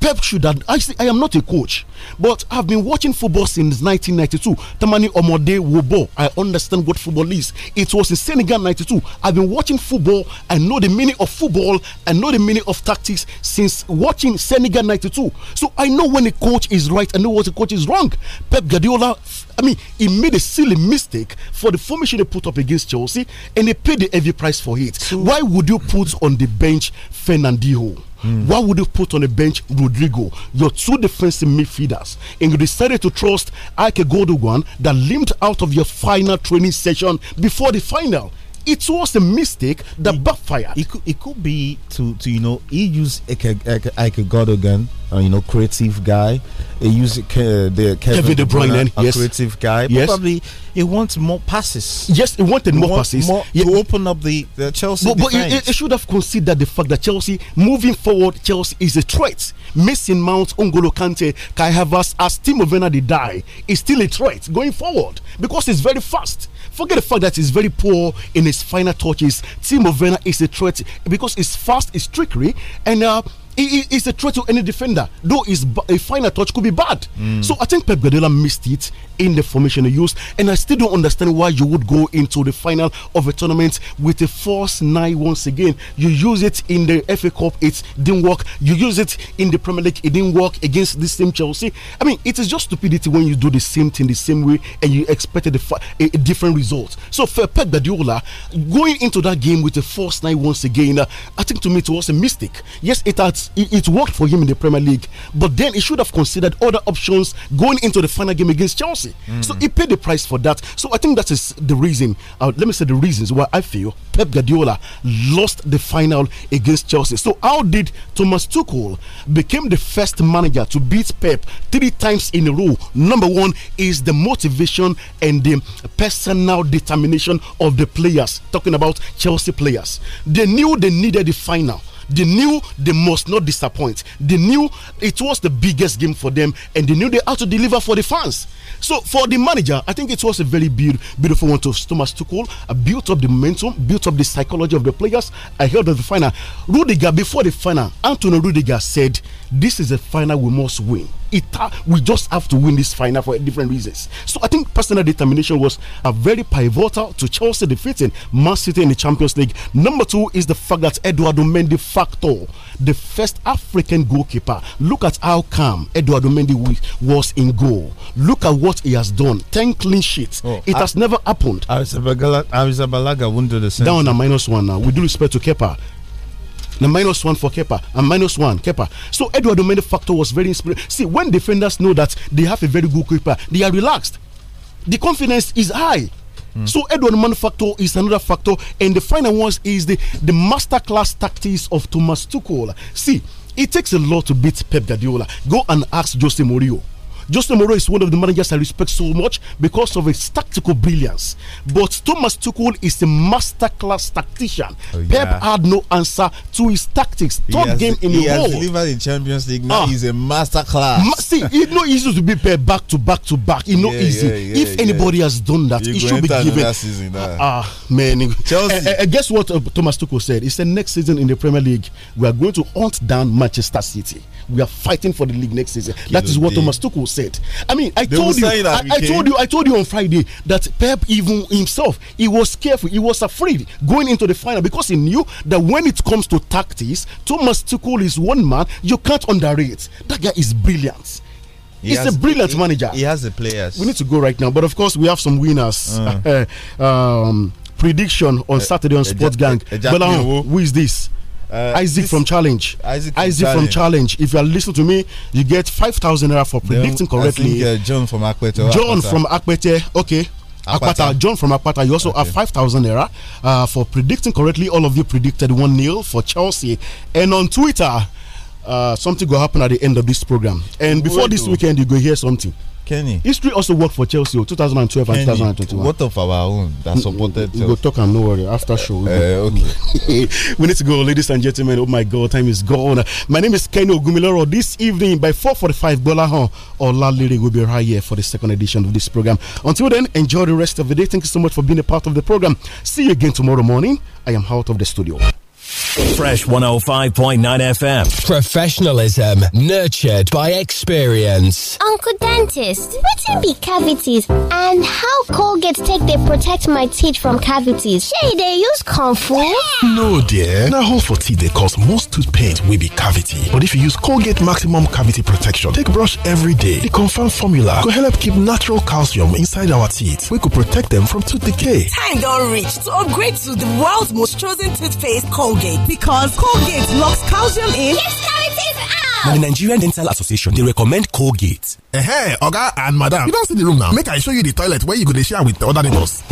Pep should have. actually I am not a coach, but I've been watching football since 1992. Tamani Omode Wobo. I understand what football is. It was in Senegal 92. I've been watching football. I know the meaning of football. I know the meaning of tactics since watching Senegal 92. So I know when a coach is right. I know what a coach is wrong. Pep Guardiola. I mean, he made a silly mistake for the formation they put up against Chelsea, and he paid the heavy price for it. So Why would you put on the bench Fernandinho? Mm. Why would you put on the bench Rodrigo, your two defensive midfielders, and you decided to trust Ike Godogan that limped out of your final training session before the final? it was a mistake that it, backfired. It could, it could be to, to you know, he used Ike, Ike, Godogan, uh, you know, creative guy. He used uh, the Kevin, Kevin De Bruyne, a yes. creative guy. Yes. Probably he wants more passes. Yes, he wanted more passes. More yeah. To open up the, the Chelsea. But, but he should have considered the fact that Chelsea, moving forward, Chelsea is a threat. Missing Mount, Ungolo Kante, Kai Havas, as Timo Werner did die, is still a threat going forward because it's very fast. Forget the fact that he's very poor in his final touches. Timo Werner is a threat because he's fast, he's trickery, and uh, it, it's a threat to any defender, though his a final touch could be bad. Mm. So I think Pep Guardiola missed it in the formation he used, and I still don't understand why you would go into the final of a tournament with a force nine once again. You use it in the FA Cup, it didn't work. You use it in the Premier League, it didn't work against this same Chelsea. I mean, it is just stupidity when you do the same thing the same way and you expected a, a, different result. So for Pep Guardiola, going into that game with a force nine once again, uh, I think to me it was a mistake. Yes, it had it, it, worked for him in the Premier League, but then he should have considered other options going into the final game against Chelsea. Mm. So he paid the price for that. So I think that is the reason. Uh, let me say the reasons why I feel Pep Guardiola lost the final against Chelsea. So how did Thomas Tuchel became the first manager to beat Pep three times in a row? Number one is the motivation and the personal determination of the players. Talking about Chelsea players, they knew they needed the final. They knew they must not disappoint. They knew it was the biggest game for them and they knew they had to deliver for the fans. So for the manager, I think it was a very be beautiful one to Thomas Tuchel. I built up the momentum, built up the psychology of the players ahead of the final. Rudiger, before the final, Antonio Rudiger said, This is a final we must win. Uh, we just have to win this final for different reasons. So I think personal determination was a very pivotal to Chelsea defeating Man City in the Champions League. Number two is the fact that Eduardo Mendy factor, the first African goalkeeper. Look at how calm Eduardo Mendy was in goal. Look at what he has done. Ten clean sheets. Oh, it I, has never happened. Arisabalaga won't do the same. Down a minus one now. With due respect to Kepa, now minus one for Kepa and minus one Kepa. So Eduardo Mendy factor was very inspiring. See, when defenders know that they have a very good keeper, they are relaxed. The confidence is high. Mm. So Edward Man factor is another factor, and the final one is the the masterclass tactics of Thomas Tuchel. See, it takes a lot to beat Pep Guardiola. Go and ask Jose Mourinho. Jose Mourinho is one of the managers I respect so much because of his tactical brilliance. But Thomas Tuchel is a masterclass tactician. Oh, yeah. Pep had no answer to his tactics. Third has, game in the world. He delivered in Champions League. Now ah. he's a masterclass. Ma see, it's no easy to be paired back to back to back. It's no yeah, easy. Yeah, if anybody has done that, you it should be given. Ah, ah, man. Chelsea. uh, guess what uh, Thomas Tuchel said? He said next season in the Premier League, we are going to hunt down Manchester City we are fighting for the league next season. Kilo that is what Thomas Tuchel said. I mean, I they told you, I, I told you, I told you on Friday that Pep even himself, he was careful, he was afraid going into the final because he knew that when it comes to tactics, Thomas Tuchel is one man you can't underrate. That guy is brilliant. He He's has, a brilliant he, manager. He has the players. We need to go right now, but of course we have some winners. Uh. Uh, um, prediction on uh, Saturday on uh, Sports uh, Gang. Well, who is this? Uh, Isaac from Challenge. Isaac, from, Isaac Challenge. from, Challenge. If you are listening to me, you get 5,000 naira for predicting then, correctly. Think, uh, John from Akwete. John from Akwete. Okay. Akwata. John from Akwata. You also okay. have 5,000 naira uh, for predicting correctly. All of you predicted 1 0 for Chelsea. And on Twitter, uh, something will happen at the end of this program. And before Wait this weekend, you go hear something. Kenny. History also worked for Chelsea 2012 Kenny, and 2021. What of our own that mm, supported We'll go talk and no worry. After show. we uh, okay. we need to go, ladies and gentlemen. Oh my God, time is gone. My name is Kenny Ogumiloro. This evening by 4.45, Bolahan or Laliri will be right here for the second edition of this program. Until then, enjoy the rest of the day. Thank you so much for being a part of the program. See you again tomorrow morning. I am out of the studio. Fresh 105.9 FM. Professionalism nurtured by experience. Uncle Dentist, what be cavities and how Colgate take they protect my teeth from cavities? Say they use fu? No, dear. Now, hold for teeth they cause most tooth pain will be cavity. But if you use Colgate Maximum Cavity Protection, take brush every day. The confirmed formula could help keep natural calcium inside our teeth. We could protect them from tooth decay. Time don't reach to upgrade to the world's most chosen toothpaste, Colgate. Colgate because Colgate locks calcium in. Yes, the nigerian dental association they recommend colgate eh oga and madam you don see the room now make i show you the toilet where you could share with the other neighbors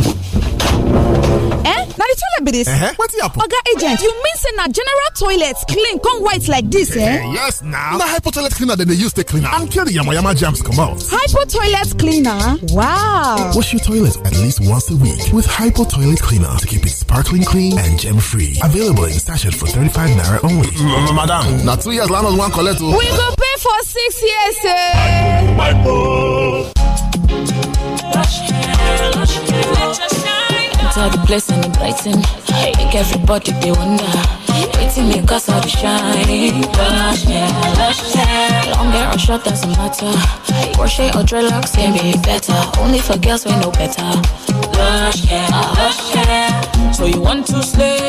eh now the toilet be uh-huh. What's wetin happen. oga agent you mean say na general toilets clean come white like this, eh, eh yes na na hypo toilet cleaner than they use to clean am and kill the yamayama come out. hypo toilet cleaner wow wash your toilet at least once a week with hypo toilet cleaner to keep it sparkling clean and gem free available in sachet for 35 naira only madam now two years landlord wan one o oh. we go pay for six years eh hypo hypo lush hair lush hair all the blessing and blighting. Make everybody they wonder. Waiting me cause all the shine. Lush hair, lush hair. Long hair or short doesn't matter. Crochet or dreadlocks can be better. Only for girls we know better. Lush hair, lush hair. So you want to slay?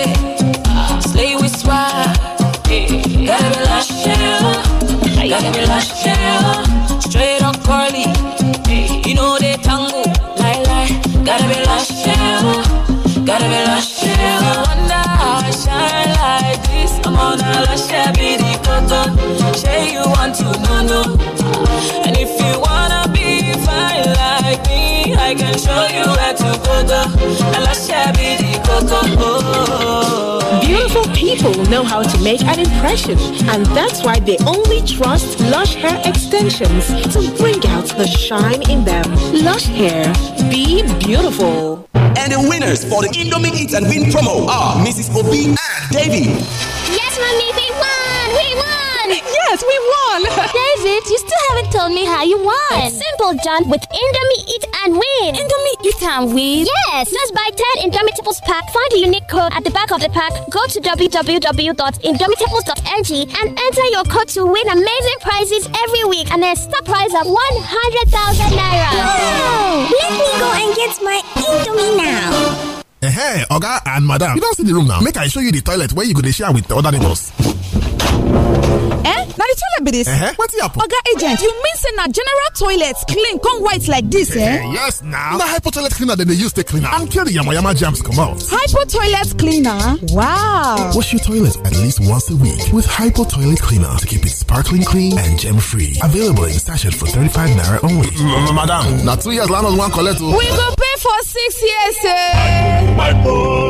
Ah, slay with swag. Gotta be lush hair. Gotta be lush hair. on Alasha be the coco. Say you want to know, no. And if you wanna be fine like me, I can show you where to go, go. Alasha be the coco. Oh. Beautiful people know how to make an impression, and that's why they only trust Lush Hair Extensions to bring out the shine in them. Lush Hair, be beautiful. And the winners for the Indomie Eat and Win promo are Mrs. Obi and Davy. Yes, mommy, we won! We won! yes, we won! David, you still haven't told me how you won. It's simple, John. With Indomie Eat and Win. Indomie Eat and Win? Yes! Just buy 10 Indomie Tipples pack, find the unique code at the back of the pack, go to www.indomitables.ng and enter your code to win amazing prizes every week and a stock prize of 100,000 Naira. Wow! Let me go and get my Indomie now. eh oga and madam you don't see the room now make i show you the toilet where you could share with the other neighbors eh na the toilet be dis eh uh-huh. wetin happen. oga agent you mean say na general toilet clean come white like this, eh, eh yes now. na hypo toilet cleaner than they use to clean am and yama yama jams come out. hypo toilet cleaner wow wash your toilet at least once a week with hypo toilet cleaner to keep it sparkling clean and gem free available in sachet for 35 naira only madam na two years land one collect o we go pay for six years eh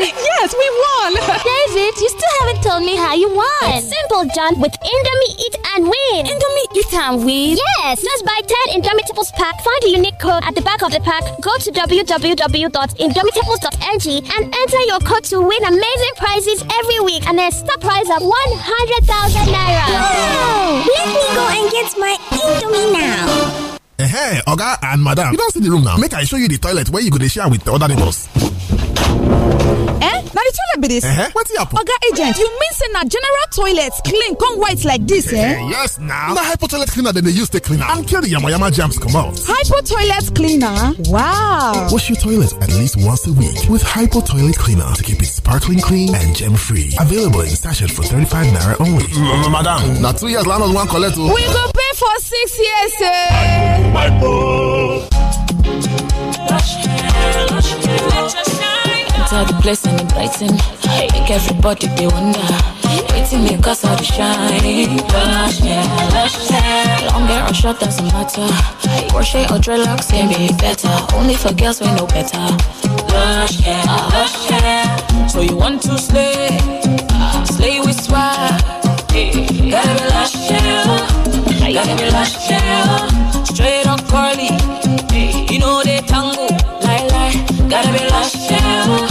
won! Yes, we won! David, you still haven't told me how you won. It's simple, John. With Indomie Eat and Win. Indomie Eat and Win? Yes. Just buy 10 Indomie Tipples pack. Find the unique code at the back of the pack. Go to www.indomitables.ng and enter your code to win amazing prizes every week and a star prize of 100,000 naira. Wow! Let me go and get my Indomie now. Hey, oga and madam you don't see the room now make i show you the toilet where you could share with the other neighbors eh na the toilet be dis uh-huh. wetin happen. oga agent you mean say na general toilet clean come white like this, eh, eh? yes now. na hypo toilet cleaner than used use take i am and kill the yamayama come out. hypo toilet cleaner wow wash your toilet at least once a week with hypo toilet cleaner to keep it sparkling clean and gem free available in sachet for 35 naira only madam now two years land on one collect oh. we go pay for six years eh hypo hypo lush hair lush hair all the blessing and blighting. Make everybody they wonder. Waiting me cause all the shine. Lush, yeah, lush, yeah. Long hair or short doesn't matter. Crochet or dreadlocks can be better. Only for girls we know better. Lush, yeah, lush, yeah. So you want to slay? Ah, slay with swag. Gotta be lush, yeah. Gotta be lush, yeah. Straight or curly. You know they tango. Lie, lie. Gotta be lush, yeah.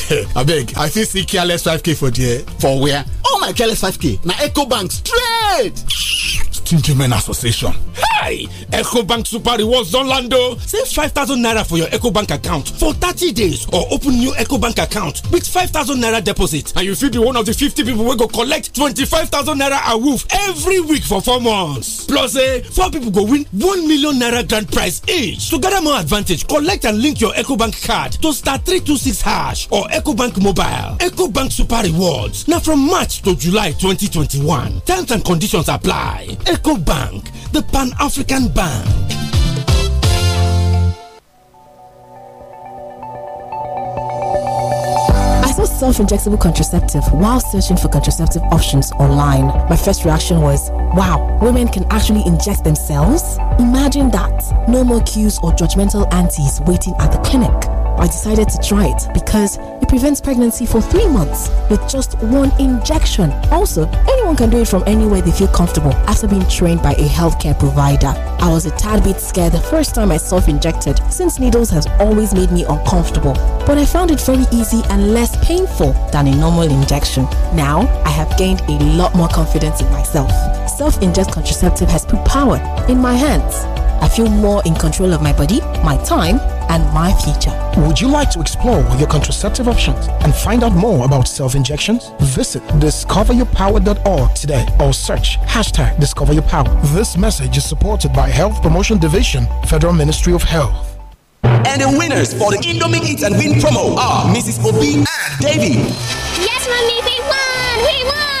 abeg i fit see careless 5k for there for where all oh my careless 5k na ecobank straight gentlemen association. Hey! EcoBank Super Rewards don land o. Save five thousand naira for your EcoBank account for thirty days or open new EcoBank account with five thousand naira deposit and you fit be one of the fifty people wey go collect twenty-five thousand naira awoof every week for four months. Plus eh, four people go win one million naira grand prize each. To gather more advantage, collect and link your EcoBank card to star three two six hash or EcoBank mobile. EcoBank Super Rewards now from March to July 2021. Terms and conditions apply. Eco Bank, the Pan African Bank. I saw self injectable contraceptive while searching for contraceptive options online. My first reaction was, wow, women can actually inject themselves? Imagine that. No more queues or judgmental aunties waiting at the clinic. I decided to try it because it prevents pregnancy for three months with just one injection. Also, anyone can do it from anywhere they feel comfortable after being trained by a healthcare provider. I was a tad bit scared the first time I self injected since needles has always made me uncomfortable, but I found it very easy and less painful than a normal injection. Now, I have gained a lot more confidence in myself. Self inject Contraceptive has put power in my hands. I feel more in control of my body, my time, and my future. Would you like to explore your contraceptive options and find out more about self injections? Visit discoveryourpower.org today or search hashtag discoveryourpower. This message is supported by Health Promotion Division, Federal Ministry of Health. And the winners for the Indomie Eat and Win promo are Mrs. Obi and Davy. Yes, mommy, we won! We won!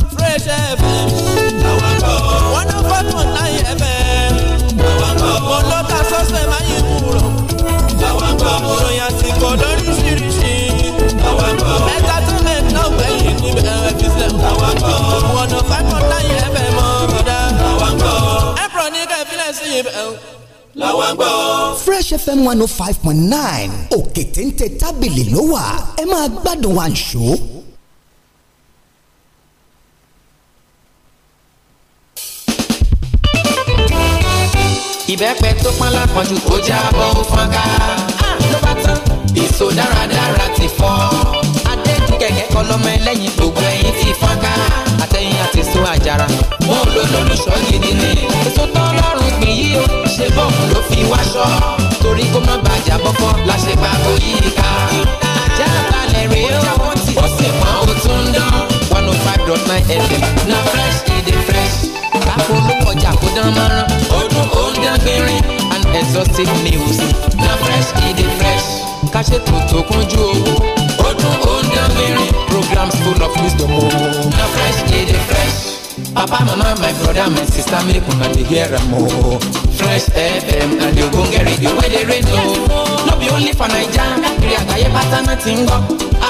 fresh fm. àwọn kọ́. wọ́n lọ fọ́ tún náírà fm. àwọn sọ́sẹ̀ máa yí wúrọ̀. ròyìn àsìkò lóríṣiríṣi. àwọn kọ́. mẹ́ta tún mẹ́ta náà gbẹ̀yìn níbẹ̀ ẹ̀fí sẹ́. àwọn kọ́. wọ́n oh lọ fọ́ tún fm ọ̀dà. àwọn kọ́. ẹ̀pọ̀ ní kẹ́fílẹ̀ sí ibẹ̀ làwọn gbọ́. fresh fm one oh five point nine òkè téńté tábìlì ló wà ẹ máa gbádùn wa ṣó. ìbẹ́pẹ tó pọ́n lápọ̀jù kó jábọ́ ó fọ́nká ló bá tán ìso dáradára ti fọ́ adéjú kẹ̀kẹ́ kọ́ lọ́mọ ẹlẹ́yin gbogbo ẹ̀yìn ti fọ́nká àtẹ̀yìn àti so àjàrà mo lo lólùṣọ́ gidi ni èso tán lọ́rùn gbìn yí o ṣe bọ́ọ̀mù ló fi wáṣọ torí kó má bàjá bọ́kọ́ la ṣe pa kó yí i ká ajá balẹ̀ rèé o ó sì mọ́ ó tún dán one oh five dot nine fm na fresh e dey fresh káfọ́ olówó ọjà kó dán mọ́rán ó dún ó ever and exhaustive music. Na fresh e dey fresh. Ká ṣètò tó kúnjú owó. Ó dún oúnjẹ mìíràn. Programs full of wisdom o. Na fresh e dey fresh. Papa, mama, my brother, my sister, make una dey hear am o. Fresh FM na the ogbonge radio wey dey reign o. No be only for Naija, kiri àgbáyé pátá náà ti ń gbọ́.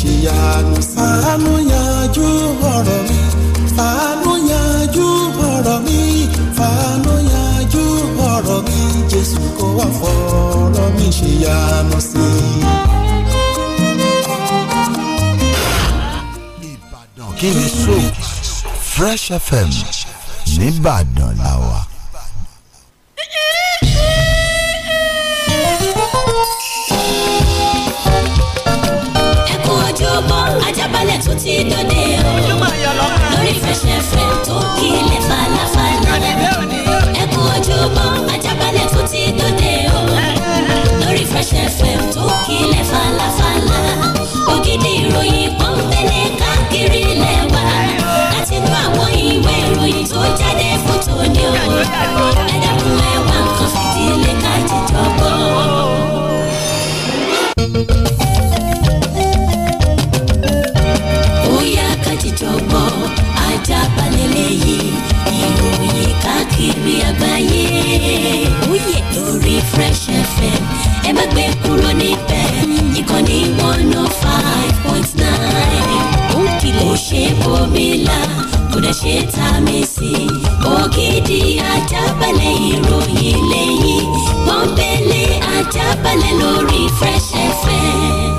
ṣìyanu sí. fàánú yanjú ọ̀rọ̀ mi fàánú yanjú ọ̀rọ̀ mi fàánú yanjú ọ̀rọ̀ mi jésù kó wá fọ̀rọ̀ mi ṣìyanu sí. ìbàdàn kí ni so Fresh FM nìbàdàn làwà. ti dòde o lórí fẹsẹ̀ fẹ́ tó kílẹ̀ falafala ẹ kú ojúbọ ajábalẹ̀ tó ti dòde o lórí fẹsẹ̀ fẹ́ tó kílẹ̀ falafala ògidì ìròyìn pọ́npẹ́lẹ́ káàkiri lẹ́wà láti nú àwọn ìwé ìròyìn tó jáde fún tòní o ẹ dẹ́kun. àjàbalẹ̀ lẹ́yìn ìròyìn káàkiri àgbáyé. Oyè lórí Fresh FM ẹ má gbé kúrò níbẹ̀ ìkànnì one oh five point nine. Ó kìlọ̀ ṣe bomi la kò dẹ̀ ṣe ta mi sí. Ògidì àjàbalẹ̀ ìròyìn lẹ́yìn pọ́npẹ́lẹ́ àjàbalẹ̀ lórí Fresh FM.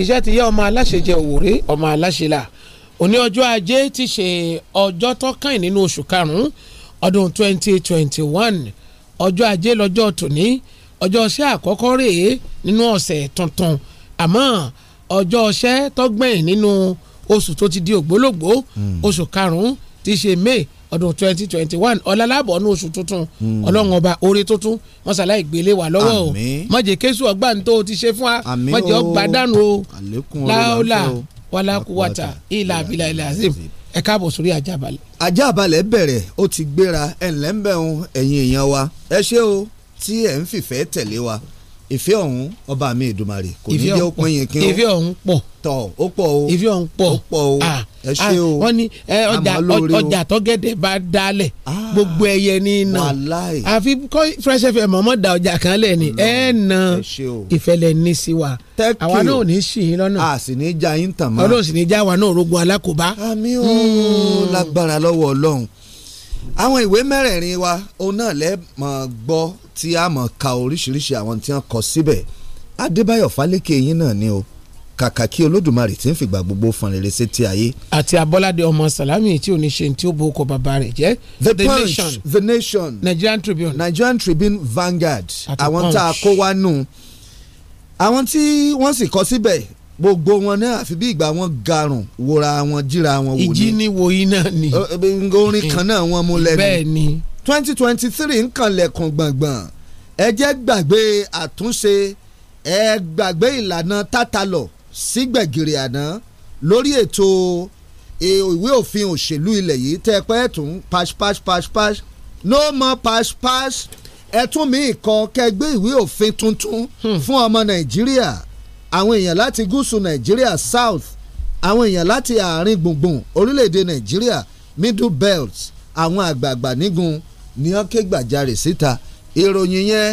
iṣẹ́ ti yẹ ọmọ aláṣẹ jẹ òwúrẹ́ ọmọ aláṣẹ là òní ọjọ́ ajé ti ṣe ọjọ́ tọ́kàn nínú oṣù karùn-ún ọdún 2021 ọjọ́ ajé lọ́jọ́ tòní ọjọ́ iṣẹ́ àkọ́kọ́ rèé nínú ọ̀sẹ̀ tuntun àmọ́ ọjọ́ iṣẹ́ tọ́gbẹ̀yìn nínú oṣù tó ti di ògbólógbòó hmm. oṣù karùn-ún ti ṣe May ọdún twenty twenty one ọ̀làlábọ̀ ọ̀nù oṣù tuntun hmm. ọlọ́run ọba oore tuntun wọn ṣàlàyé gbélé wà lọ́wọ́ o mọ̀jẹ̀ késù ọgbà tó ti ṣe fún wa mọ̀jẹ̀ ọgbà dànù o láòlà wàlàkùwàtà ìlà àbílà ìlà àzìm ẹ káàbọ̀ sórí àjàbalẹ̀. àjàbalẹ̀ bẹ̀rẹ̀ ó ti gbéra ẹ̀ǹlẹ́ ń bẹ̀ ń ẹ̀yin èèyàn wa ẹ ṣé o tí ẹ̀ ń fìfẹ́ tẹ̀lé wa ìfẹ́ ọ̀hún ọba mi Èdùmàrè kò ní jẹ́ òpin yín kí n. ìfẹ́ ọ̀hún pọ̀ tọ̀ ó pọ̀ o ìfi ọ̀hún pọ̀ ó pọ̀ o ah, ẹ ṣe ah, o wọ́n ní ọjà ọjà tọ́gẹ̀dẹ̀ bá dálẹ̀ ah, gbogbo ẹyẹ ní iná àfi kọ́ Fresh FM mọ̀mọ́ da ọjà kan lẹ̀ ni ẹ na ìfẹ́lẹ̀ ní sí wa àwa náà ò ní sí yín lọ́nà a sì ní já yín tàn mọ́ ọlọ́run sì ní já wa náà rogo alákòóbá. àmì ó hmm. lágbára lọ́wọ́ ọlọ́run àwọn ìwé mẹ́rẹ̀ẹ̀rin wa òun náà lẹ́ mọ̀ gbọ́ tí a mọ̀ ka oríṣiríṣi àwọn tí wọ́n kọ síbẹ̀ Adébáyọ̀ Fálékè yín náà ni o kàkà kí olódùmarè tí ń fìgbà gbogbo fan rere sétí ayé. àti abọ́ládé ọmọ sàlámì tí ò ṣe tí ó bo okò bàbá rẹ̀ jẹ́. the, punch nation, the nation nigerian tribune nigerian tribune vanguard àwọn tá a kó wá nù àwọn tí wọ́n sì kọ síbẹ̀ gbogbo wọn náà àfi bí ìgbà wọn garùn wòra wọn jíra wọn wò ní. ìjí ni wòyí náà ni. orin kan náà wọn mú lẹ́nu. bẹ́ẹ̀ ni. twenty twenty three nkanlẹ̀kùn gbọ̀ngbọ̀n ẹ jẹ́ gbàgbé àtúnṣe ẹ gbàgbé ìlànà tátàlọ̀ sígbẹ̀gìrì àná lórí ètò ìwé òfin òṣèlú ilẹ̀ yìí tẹ́ pẹ́ tún pash pash pash pash no more pash pash ẹ tún mí kọ kẹgbẹ́ ìwé òfin tuntun hmm. fún ọmọ nàìjíríà àwọn èèyàn láti gúúsù nàìjíríà south àwọn èèyàn láti àárín gbùngbùn orílẹ̀-èdè nàìjíríà middle belt àwọn àgbààgbà nígun ni wọ́n ké gbàjarè síta ìròyìn yẹn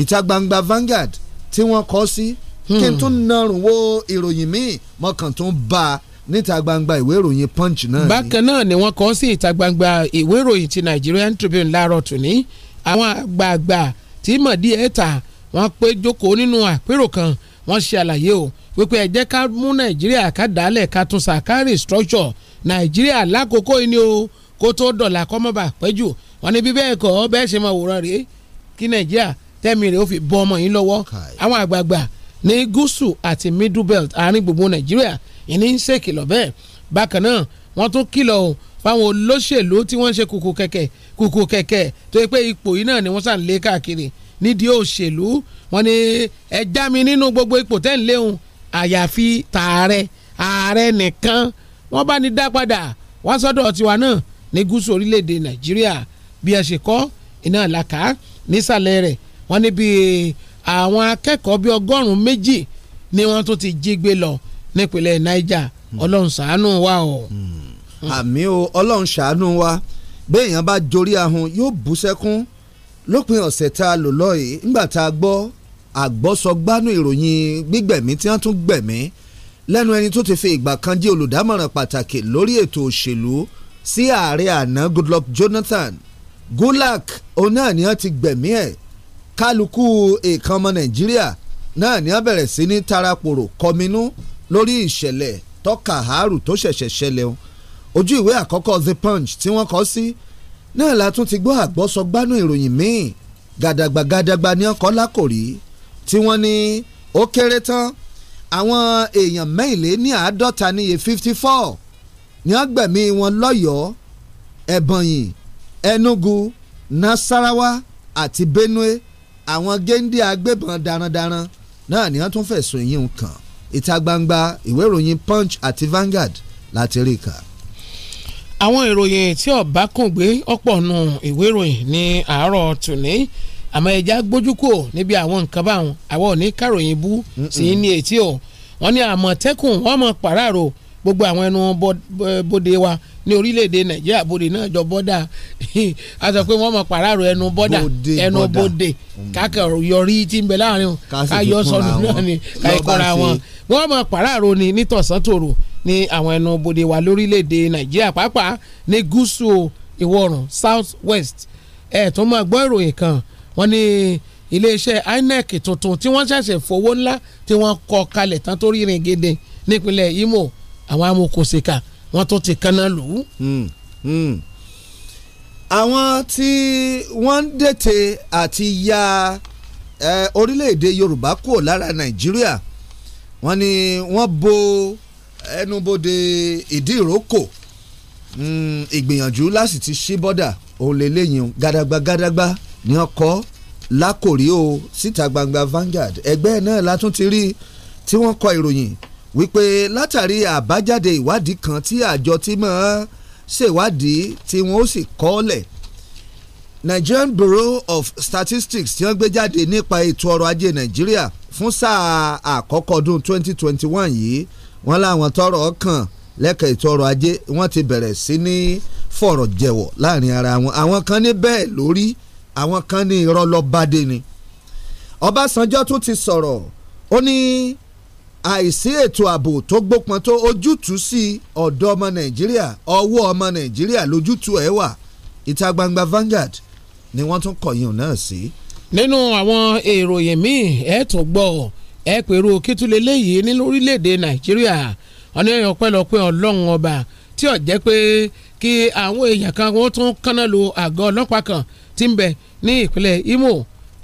ìta gbangba Vanguard tí wọ́n kọ sí kí n hmm. tún narùn wo ìròyìn míì mọ̀kàn tó ń bá a níta gbangba ìwé ìròyìn punch náà. bákan náà ni wọ́n kọ sí ìta gbangba ìwé ìròyìn ti Nigerian Tribune láàárọ̀ tòní àwọn àgbààgbà tí mọ̀dí ẹ̀ ta wọ́n pé jókòó nínú àpérò kan wọ́n ṣe àlàyé o wípé ẹ jẹ́ ká mú nàìjíríà ká dálẹ̀ ká tún sàkárì structure nàìjíríà lákòókò yìí ni o kó tó dọ̀là kọ́mọ́bà pẹ́jù wọ́n ní bí bẹ́ẹ̀ kọ́ bẹ́ẹ̀ ṣe máa wòran rèé kí nàìjíríà tẹ́mi rèé ó fi bọ́ ọmọ yìí lọ́wọ́ àwọn àgbààgbà ní gúúsù àti middle belt àárín gbogbo nàìjíríà ìní ń ṣèkìlọ̀ bẹ́ẹ̀ bákan náà wọ́n tún kìlọ̀ o fáwọn olóṣèlú tí wọ́n ń ṣe kùkù kẹ̀kẹ́ kùkù kẹ̀kẹ́ tó yẹ pé ipò yìí náà ni wọ́n sàn lé káàkiri nídìí òṣèlú wọ́n ní ẹ já mi nínú gbogbo ipò tẹ́ ń léhun àyàfi tààrẹ ààrẹ nìkan wọ́n bá ní dá padà wá sọ́dọ̀ tiwa náà ní gúúsù orílẹ̀-èdè nàìjíríà bí ẹ ṣe kọ́ iná làkà nísàlẹ̀ rẹ̀ wọ́n ní bíi àwọn akẹ́kọ̀ọ́ bíi ọgọ́rùn-ún méjì ni wọ́n tún ti jí gbé lọ nípínlẹ̀ Niger ọlọ́run ṣàánú wa o. Hmm. àmì o ọlọ́run ṣàánú wa béèyàn bá jorí ahun yóò bú sẹ́kún lópin ọ̀sẹ̀ tá a lò lọ́yìí nígbà tá a gbọ́ àgbọ́sọgbánú ìròyìn gbígbẹ̀mí tí wọ́n tún gbẹ̀mí lẹ́nu ẹni tó ti fi ìgbà kan jẹ́ olùdámọ̀ràn pàtàkì lórí ètò òṣèlú sí ààrẹ àná Goodluck Jonathan Gulak òun ni wọ́n ti gbẹ̀mí ẹ̀ kálukú èèkàn ọmọ nàìjíríà náà ni wọ́n bẹ̀rẹ̀ sí ní tarapòrò kọminú lórí ìṣẹ̀lẹ̀ tọ́ka àárù tó ṣẹ̀ṣẹ̀ ṣẹlẹ̀ o ojú ìwé àkọ́kọ́ the punch tí wọ́n kọ sí náà la tún ti gbọ́ àgbọ́sọgbánú ìròyìn míì gàdàgbà gàdàgbà ní ọkọ̀ lákòrí tí wọ́n ní ó kéré tán àwọn èèyàn mẹ́ìlẹ́ ní àádọ́ta níye fifty four ní ọgbẹ̀mí wọn lọ́yọ̀ọ́ ẹ̀bọ̀nyì Enugu Nasarawa àti Benue àwọn géńdé agbébọn darandaran náà ni wọ́n tún fẹ̀sùn yìí kàn ìta gbangba ìwé ìròyìn punch àti Vanguard láti rí kà. àwọn ìròyìn tí ọba kùn gbé ọ̀pọ̀ nù ìwé ìròyìn ní àárọ̀ tòní àmọ́ ẹja gbójú kò níbi àwọn nǹkan báwọn àwọn ò ní káròyìn bú sí ní etí o wọ́n ní àmọ̀tẹ́kùn wọ́n mọ̀ pàráàrò gbogbo àwọn ẹnu bóde wa ní orílẹ̀-èdè nàìjíríà bóde náà jọ bọ́dà a sọ pé wọ́n mọ̀ pàráàrọ̀ ẹnu bọ́dà ẹnu bóde mm. kákẹ́rọ̀ yọrí tí ń bẹ láàrin o káyọ sọnù náà ni káyọkọ́ra wọn wọ́n mọ̀ pàráàrọ̀ ni nítọ̀sán tòrò ní àwọn ẹnu bóde wa lórílẹ̀-èdè nàìjíríà pàápàá ní gúúsù ìwọ̀ oòrùn south west ẹ̀ tó máa gbọ́ ìròyìn kan wọ́n ní iléeṣẹ́ INEC tuntun tí wọ́n ṣẹ̀ṣẹ̀ fowó ńlá tí wọ́n kọ kalẹ̀ tán tó rí ìrìn gèdè nípínlẹ̀ Imo àwọn amòkòsíkà wọ́n tún ti kanna lù ú. Hmm, hmm. àwọn tí wọ́n ń dètè àti ya orílẹ̀-èdè Yorùbá kúrò lára Nàìjíríà wọ́n ní wọ́n bo ẹnubodè ìdí ìrókò hmm, ìgbìyànjú láti ti ṣí bọ́dà òun gàdàgbà gàdàgbà ni wọ́n kọ́ lákòrí o síta gbangba Vanguard ẹgbẹ́ náà látún ti rí tí wọ́n kọ ìròyìn wípé látàrí àbájáde ìwádìí kan tí àjọ tí mọ̀ ọ́n ṣèwádìí tí wọ́n ó sì kọ́ọ̀lẹ̀ Nigerian Bureau of Statistics tí wọ́n gbé jáde nípa ètò ọrọ̀ ajé Nàìjíríà fún sáà àkọ́kọ́ ọdún 2021 yìí wọ́n láwọn tọrọ kàn lẹ́ka ètò ọrọ̀ ajé wọ́n ti bẹ̀rẹ̀ sí ní fọ̀rọ̀ jẹ̀wọ̀ láàrin ara wọn àwọn kan ní bẹ́ẹ̀ lórí àwọn kan ní irọ́ lọ́ọ́ bá dé ni Ọbásanjọ́ tún ti sọ̀rọ̀ ó ní àìsí ètò ààbò tó gbópọn tó ojútùú sí ọ̀dọ̀ ọmọ nàìjíríà ọwọ́ ọmọ nàìjíríà lójútùú ẹ̀ wà ìta gbangba Vanguard ni wọ́n tún kọ̀yìn náà sí. nínú àwọn èròyìn míì ẹ tó gbọ́ ẹ pèrò kítúlẹ̀ léyìí ní lórílẹ̀‐èdè nàìjíríà ọ̀nà ọ̀pẹ̀lọpẹ̀ ọlọ́run ọba tí ò jẹ́ pé kí àwọn èèyàn kan wọ́n tún kánná lu àgọ́ ọlọ́pàá kan tí ń bẹ ní ìpínlẹ̀ Imo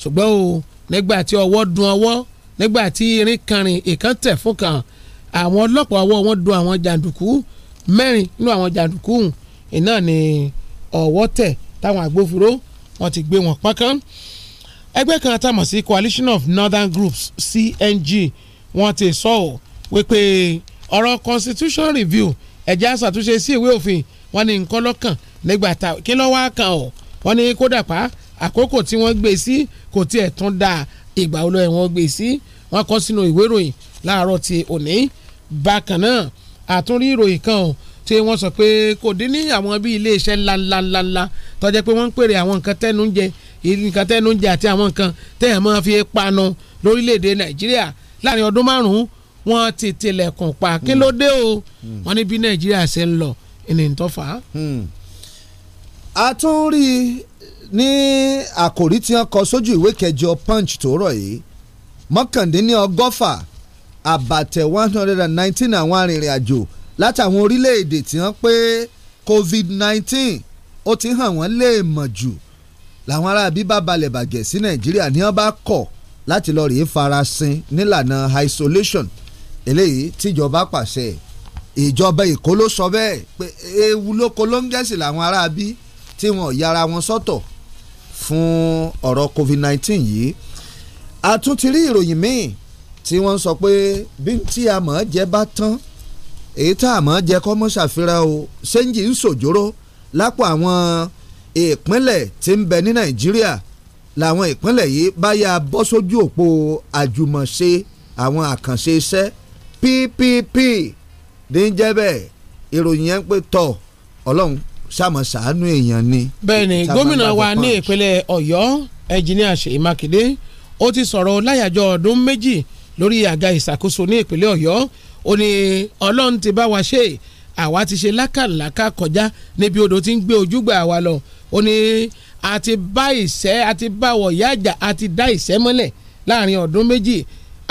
ṣùgbọ́n o nígbà tí ọwọ́ dun ọwọ́ nígbà tí irin kanrin ìkan tẹ̀ fún kan àwọn ọlọ́pàá ọwọ́ wọn do àwọn jàǹdùkú mẹ́rin nínú àwọn jàǹdùkú hùn iná ni ọwọ́ tẹ̀ táwọn agbófinró wọn ti gbé wọn pọ́nkán ẹgbẹ́ kan tá a mọ̀ sí coalition of northern groups cng wọ́n ti sọ ọ́ wípé ọ̀rọ̀ constitution review ẹ̀já ṣàtúnṣe sí ìwé òfin wọn ni nǹkan lọ́kàn nígbà tá kí ló wá kan ọ̀ wọ́n ní kódà pa àkókò tí wọ́n gbé sí kò tiẹ̀ tún dáa ìgbà wo ló ẹ̀ wọ́n gbé e sí wọ́n kọ́ sínú ìwé ìròyìn láàárọ̀ ti òní bákan náà àtúnrí ìròyìn kan ò tí wọ́n sọ pé kò dín ní àwọn bíi iléeṣẹ́ ńláńláńlá tó jẹ́ pé wọ́n ń pèrè àwọn nǹkan tẹ́nu ń jẹ nǹkan tẹ́nu ń jẹ àti àwọn nǹkan tẹ́yàn máa fi panu lórílẹ̀ nàìjíríà láàrin ọdún márùn-ún ti tilẹ̀kùn pa kí ló dé o wọ́n ní bí nàìjíríà ṣe ń lọ ìní ń ní àkòrí tí wọ́n kọ sójú ìwé kẹjọ punch tòórọ̀ yìí mọ́kàndínní ọgọ́fà àbàtẹ̀ one hundred and nineteen àwọn arìnrìn àjò látàwọn orílẹ̀-èdè tí wọ́n pé covid nineteen ó ti hàn wọ́n lè mọ̀ jù làwọn ará bíbá balẹ̀ bàgẹ́ sí nàìjíríà ní wọ́n bá kọ̀ láti lọ rèé farasin nílànà isolation eléyìí tíjọba pàṣẹ ìjọba èkó ló sọ bẹ́ẹ̀ pé ewu lóko ló ń gẹ̀ẹ́sì làwọn ará bí tí wọn yára wọn sọ́tọ̀ fún ọ̀rọ̀ COVID-19 yìí a tún ti rí ìròyìn míì tí wọ́n sọ pé bí tí a mọ̀ jẹ́ bá tán èyí tá a mọ̀ jẹ́ kọ́ mọ́ ṣàfihàn o ṣéǹjì ń ṣòjóró lápò àwọn ìpínlẹ̀ tí ń bẹ ní Nàìjíríà làwọn ìpínlẹ̀ yìí bá yà bọ́ sójú òpó àjùmọ̀ṣe àwọn àkànṣe iṣẹ́ PPP ní bẹ́ẹ̀ ìròyìn yẹn pé tọ̀ ọlọ́run sàmọ̀ sàánú èèyàn ni. bẹ́ẹ̀ni gómìnà wa ní ìpínlẹ̀ Ọ̀yọ́ ẹnjìníà Ṣèyí Mákindé ó ti sọ̀rọ̀ láyàjọ ọdún méjì lórí àga ìṣàkóso ní ìpínlẹ̀ Ọ̀yọ́ ó ní Ọlọ́run ti bá wa ṣe àwa ti ṣe lákàlákà kọjá níbi odò tí ń gbé ojúgbà wa lọ ó ní àti bá ìṣẹ́ àti bá wọ̀yá àjà àti dá ìṣẹ́ mọ́lẹ̀ láàrin ọdún méjì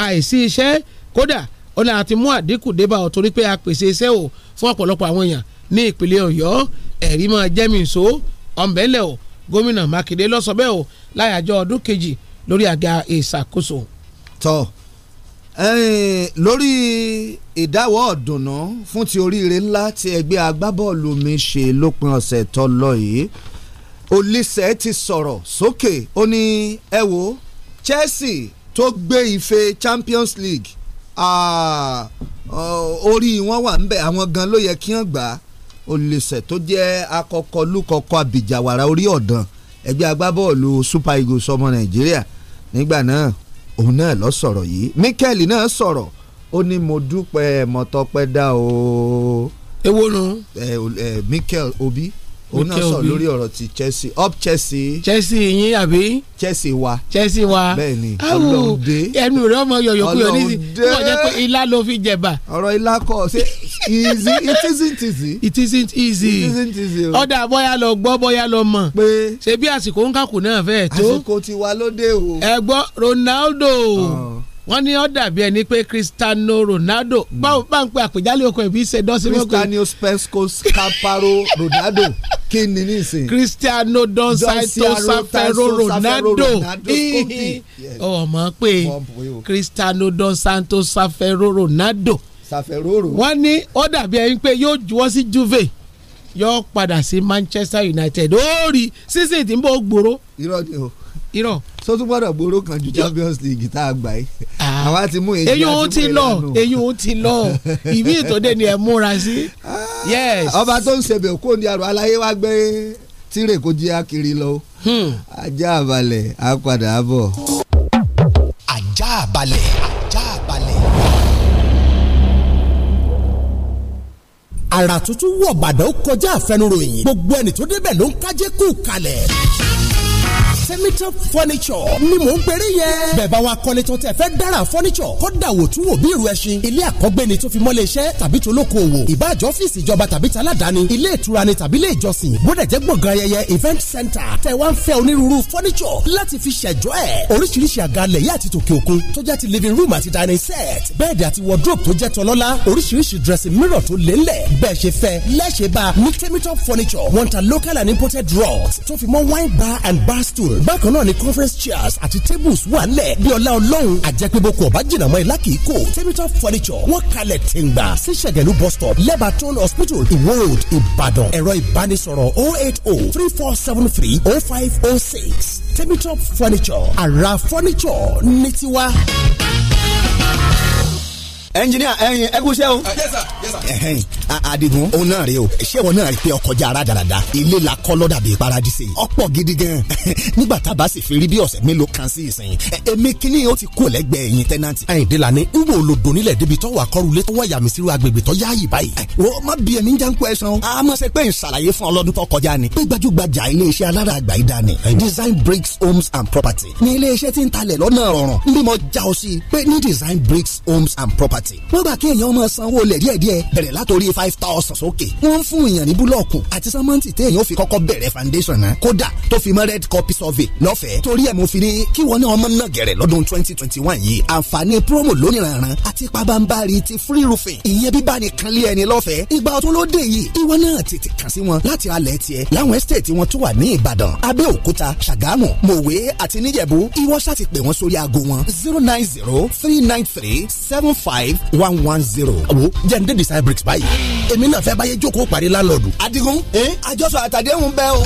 àìsí iṣẹ́ kódà ó ní àti mú àdínkù débà ọ̀ torí pé a pèsè iṣẹ́ o fún ọ̀pọ̀lọpọ̀ àwọn èèyàn ní ìpínlẹ̀ Ọ̀yọ́ ẹ̀rí máa jẹ́ mi ìṣó ọ̀nbẹ́lẹ̀ o gómìnà Mákindé ló sọ bẹ́ẹ̀ o láyàjọ ọdún kejì lórí àga ìṣàkóso. tọ lórí ìdáwọ́ ọ̀dùnnú fún ti oríire ńlá tí ẹgbẹ́ agbábọ́ọ̀lù mi ṣe lópin ọ̀sẹ̀ tó lọ yìí olùsẹ̀ ti sọ̀rọ̀ sókè ó ní ẹ wo Chelsea tó gbé ife Champions League orí wọn wà ń bẹ àwọn gan ló yẹ kí wọn gbà olùsẹ̀ tó jẹ́ akọkọ lúkọkọ àbìjàwàrà orí ọ̀dàn ẹgbẹ́ agbábọ́ọ̀lù super eagles ọmọ nàìjíríà nígbà náà òun náà lọ sọ̀rọ̀ yìí mikel náà sọ̀rọ̀ ó ní mo dúpẹ́ mọ́tọ́pẹ́ dá o. Ewo nu. ẹ ẹ mikel obi òun náà sọ lórí ọ̀rọ̀ ti Chelsea up Chelsea. Chelsea yín àbí. Chelsea wa. Chelsea wa bẹ́ẹ̀ni ọlọ́ọ̀dẹ. ẹnu rẹ ọmọ yọ̀yọ̀kuyọ̀ ní ìwọ jẹ́ pé ilá ló fi jẹba. ọ̀rọ̀ ilá kọ̀ ṣe easy it isn't easy. it isn't easy. it isn't easy. ọ̀dà bọ́yá lọ gbọ́ bọ́yá lọ mọ̀. pé ṣe bí àsìkò ń kàkùn náà fẹ́ẹ̀ tó. àsìkò tiwa ló dé o. ẹ gbọ́ Ronaldo. Oh wọ́n ní ó dàbí ẹni pé Cristiano Ronaldo báwo bá ń pe àpèjálẹ̀ oko ẹ̀bí ṣe dọ́sí mọ́kò. Cristiano Spensco Scaparo Ronaldo kí ni nísìn. Cristiano Don Santos Safero Ronaldo ọmọ pé Cristiano Don Santos Safero Ronaldo wọ́n ní ó dàbí ẹni pé yóò juwọ́ sí Juve yóò padà sí Manchester United ó rí sísìn tí ń bọ̀ gbòòrò. irọ́ ni o irọ́. tó tún gbọ́dọ̀ gbòòrò kan ju champions league tá a gbà yìí. Ah. àwa ti mú èyí àti mú ìlànà. eyín ó ti lọ ìbí ìtọ́dẹ ni ẹ múra sí. Ah. ọba tó ń ṣebẹ̀ kó ní àrò aláyé wá gbé tírè kó jí akiri lọ. Hmm. ajá balẹ̀ á padà bọ̀. ajá balẹ̀ ajá balẹ̀. àrà tuntun wọ̀ bàdàn kọjá àfẹnuròyìn gbogbo ẹni tó débẹ̀ ló ń kájé kú kalẹ̀ semitop furniture ni mò ń pèrè yẹn. bẹ́ẹ̀ bá wa kọ́lé tó tẹ̀ fẹ́ dára furniture kọ́dà wò tún wò bí irú ẹṣin ilé àkọ́gbéni tó fi mọ́lé iṣẹ́ tàbí tó lóko òwò ìbáàjọ́ ọ́fíìsì ìjọba tàbí taládàáni ilé ìtura ni tàbí ilé ìjọsìn bódà jẹ́ gbọ̀ngàn ayẹyẹ event center tẹ̀ wá ń fẹ́ onírúurú furniture láti fi ṣẹ̀jọ́ ẹ̀ oríṣiríṣi àga lẹ̀yà àti tòkè òkun tó jẹ́ ti living room àti dining set bẹ́ẹ̀dì àti wardrobe tó jẹ́ tọlọ́lá oríṣiríṣi dressing mirror tó lé ńlẹ̀ bẹ́ẹ̀ ṣe fẹ́ lẹ́ṣẹ̀ bá ní temitop furniture wọ́n ta local and imported rugs tó fi mọ́ wine bar and bar stool lọ́rùn bákan náà ni conference chairs àti tables wà nílẹ̀ bí ọlá ọlọ́run àjẹpéboko ọ̀bá jìnnà mọ́ ìlà kìí kò tabletop furniture wọ́n kalẹ̀ tìǹgbà sí ṣẹ̀gẹ̀lú bus stop lebaton hospital iwo road ìbàdàn ẹ̀rọ ìbánisọ̀rọ̀ 08034730506 tabletop furniture àrà furniture ní tiwa ẹnjiníà ẹyin ẹgúsẹ́ o. Uh, ẹhìn adigun òun náà rè o ṣé wọn náà rí pé ọkọ̀ já ara dáradára ilé la kọ́ lọ́dà paradise ọ̀pọ̀ gidi gan nígbà tá a bá sì fi rí bí ọ̀sẹ̀ mélòó kan sí ìsìn èmi kíní o ti kú lẹ́gbẹ̀ẹ́ yín tẹ́nanti. Àyìndé la ni n wò ló doni lẹ̀ débi tọ́wọ́ akọ́rùlé tọ́wọ́ yàmísírù agbègbè tọ́ yáàyè báyìí. wọ́n má bí ẹni jẹ́ ń kó ẹ san. a máa ṣe pé n ṣàlàyé fún ọlọ́dún tó kọjá ni. pé gbajúgbajà iléeṣẹ́ alára àgbà yìí dání. design bricks homes and property. ni iléeṣẹ́ ti ń talẹ̀ lọ́nà rọrùn. n bí mo já ọ sí pé ní design bricks homes and property property wọ́n gbà kí èèyàn máa sanwó lẹ̀ díẹ̀díẹ̀ bẹ̀rẹ̀ látòrí five thousand sókè wọ́n ń fún èèyàn ní búlọ̀kù àti sẹ́mọ́ǹtì téèyàn fi kọ́kọ́ bẹ̀rẹ̀ foundation náà kódà tó fi mọ́ red copy survey lọ́fẹ̀ẹ́ torí ẹ̀ mo fi ní kí wọ́n ní ọmọ náà gẹ̀rẹ̀ lọ́dún twenty twenty one yìí àǹfààní promo lóníranran àti pabambari ti free roofing ìyẹn bíbá ni kan lé ẹni lọ́fẹ̀ẹ́ ìgbà ọ̀tún ló dé yìí ìwọ náà tètè kàn sí wọn láti alẹ̀ tiẹ̀ láwọn estate wọn tó wà ní Ìbàdàn Abẹ́òkúta Ṣàgámù zero nine zero three nine three seven five one one zero. wo jẹ́ ǹdẹ́ design bricks báyìí èmi náà fẹ́ báyé jókòó parí lálọ́ọ̀dù. adigun eh? àjọsọ àtàdéhùn bẹ́ẹ̀ o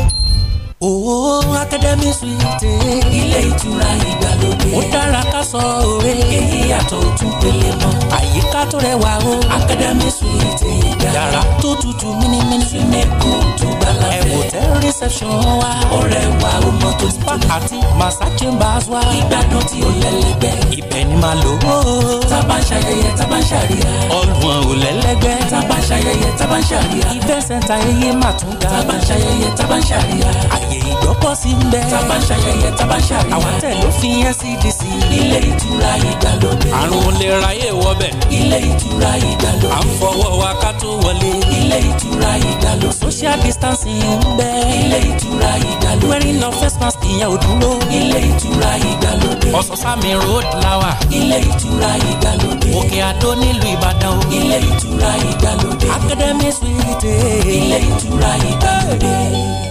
Oo Academy Suite. Ilé ìtura ìgbàlódé. Ó dára ká sọ òwe. Èyí yàtọ̀ òtún pélé mọ́. Àyíká tó rẹwà o. Academy Suite ìgbà. Yàrá tó tutù mímímí. Súnmẹ́kù tó gbàlá fẹ́. Ẹ̀wò tẹ́ reception wa. Ọ̀rẹ́ wa ó mọ tó ti tó. Spa àti Massa Chambers wa. Ìgbádùn tí ó lẹ́lẹ́gbẹ́. Ibẹ̀ ni màá lò ó. Tábà ń ṣayẹyẹ, tábà ń ṣàríyá. Ọ̀gbun ò lẹ́lẹ́gbẹ́. Tábà ń Ìfẹ́ ààyè ìgbọ́pọ̀ sí ń bẹ. tábà ń ṣayẹyẹ tábà ń ṣàríyá. àwọn tẹ̀ ló fi NCDC. E ilé ìtura ìdàlódé. àrùn olè ráyè wọbẹ̀. ilé ìtura ìdàlódé. à ń fọwọ́ wa ká tó wọlé. ilé ìtura ìdàlódé. social distancing ń bẹ. ilé ìtura ìdàlódé. wearing of face mask ìyẹn ò dúró. ilé ìtura ìdàlódé. ọ̀sán-sámi road lawa. ilé ìtura ìdàlódé. òkè àdó nílùú ìbàdàn. ilé ìtura ìdàlódé. academy suite. ilé ìtura ìdàlódé.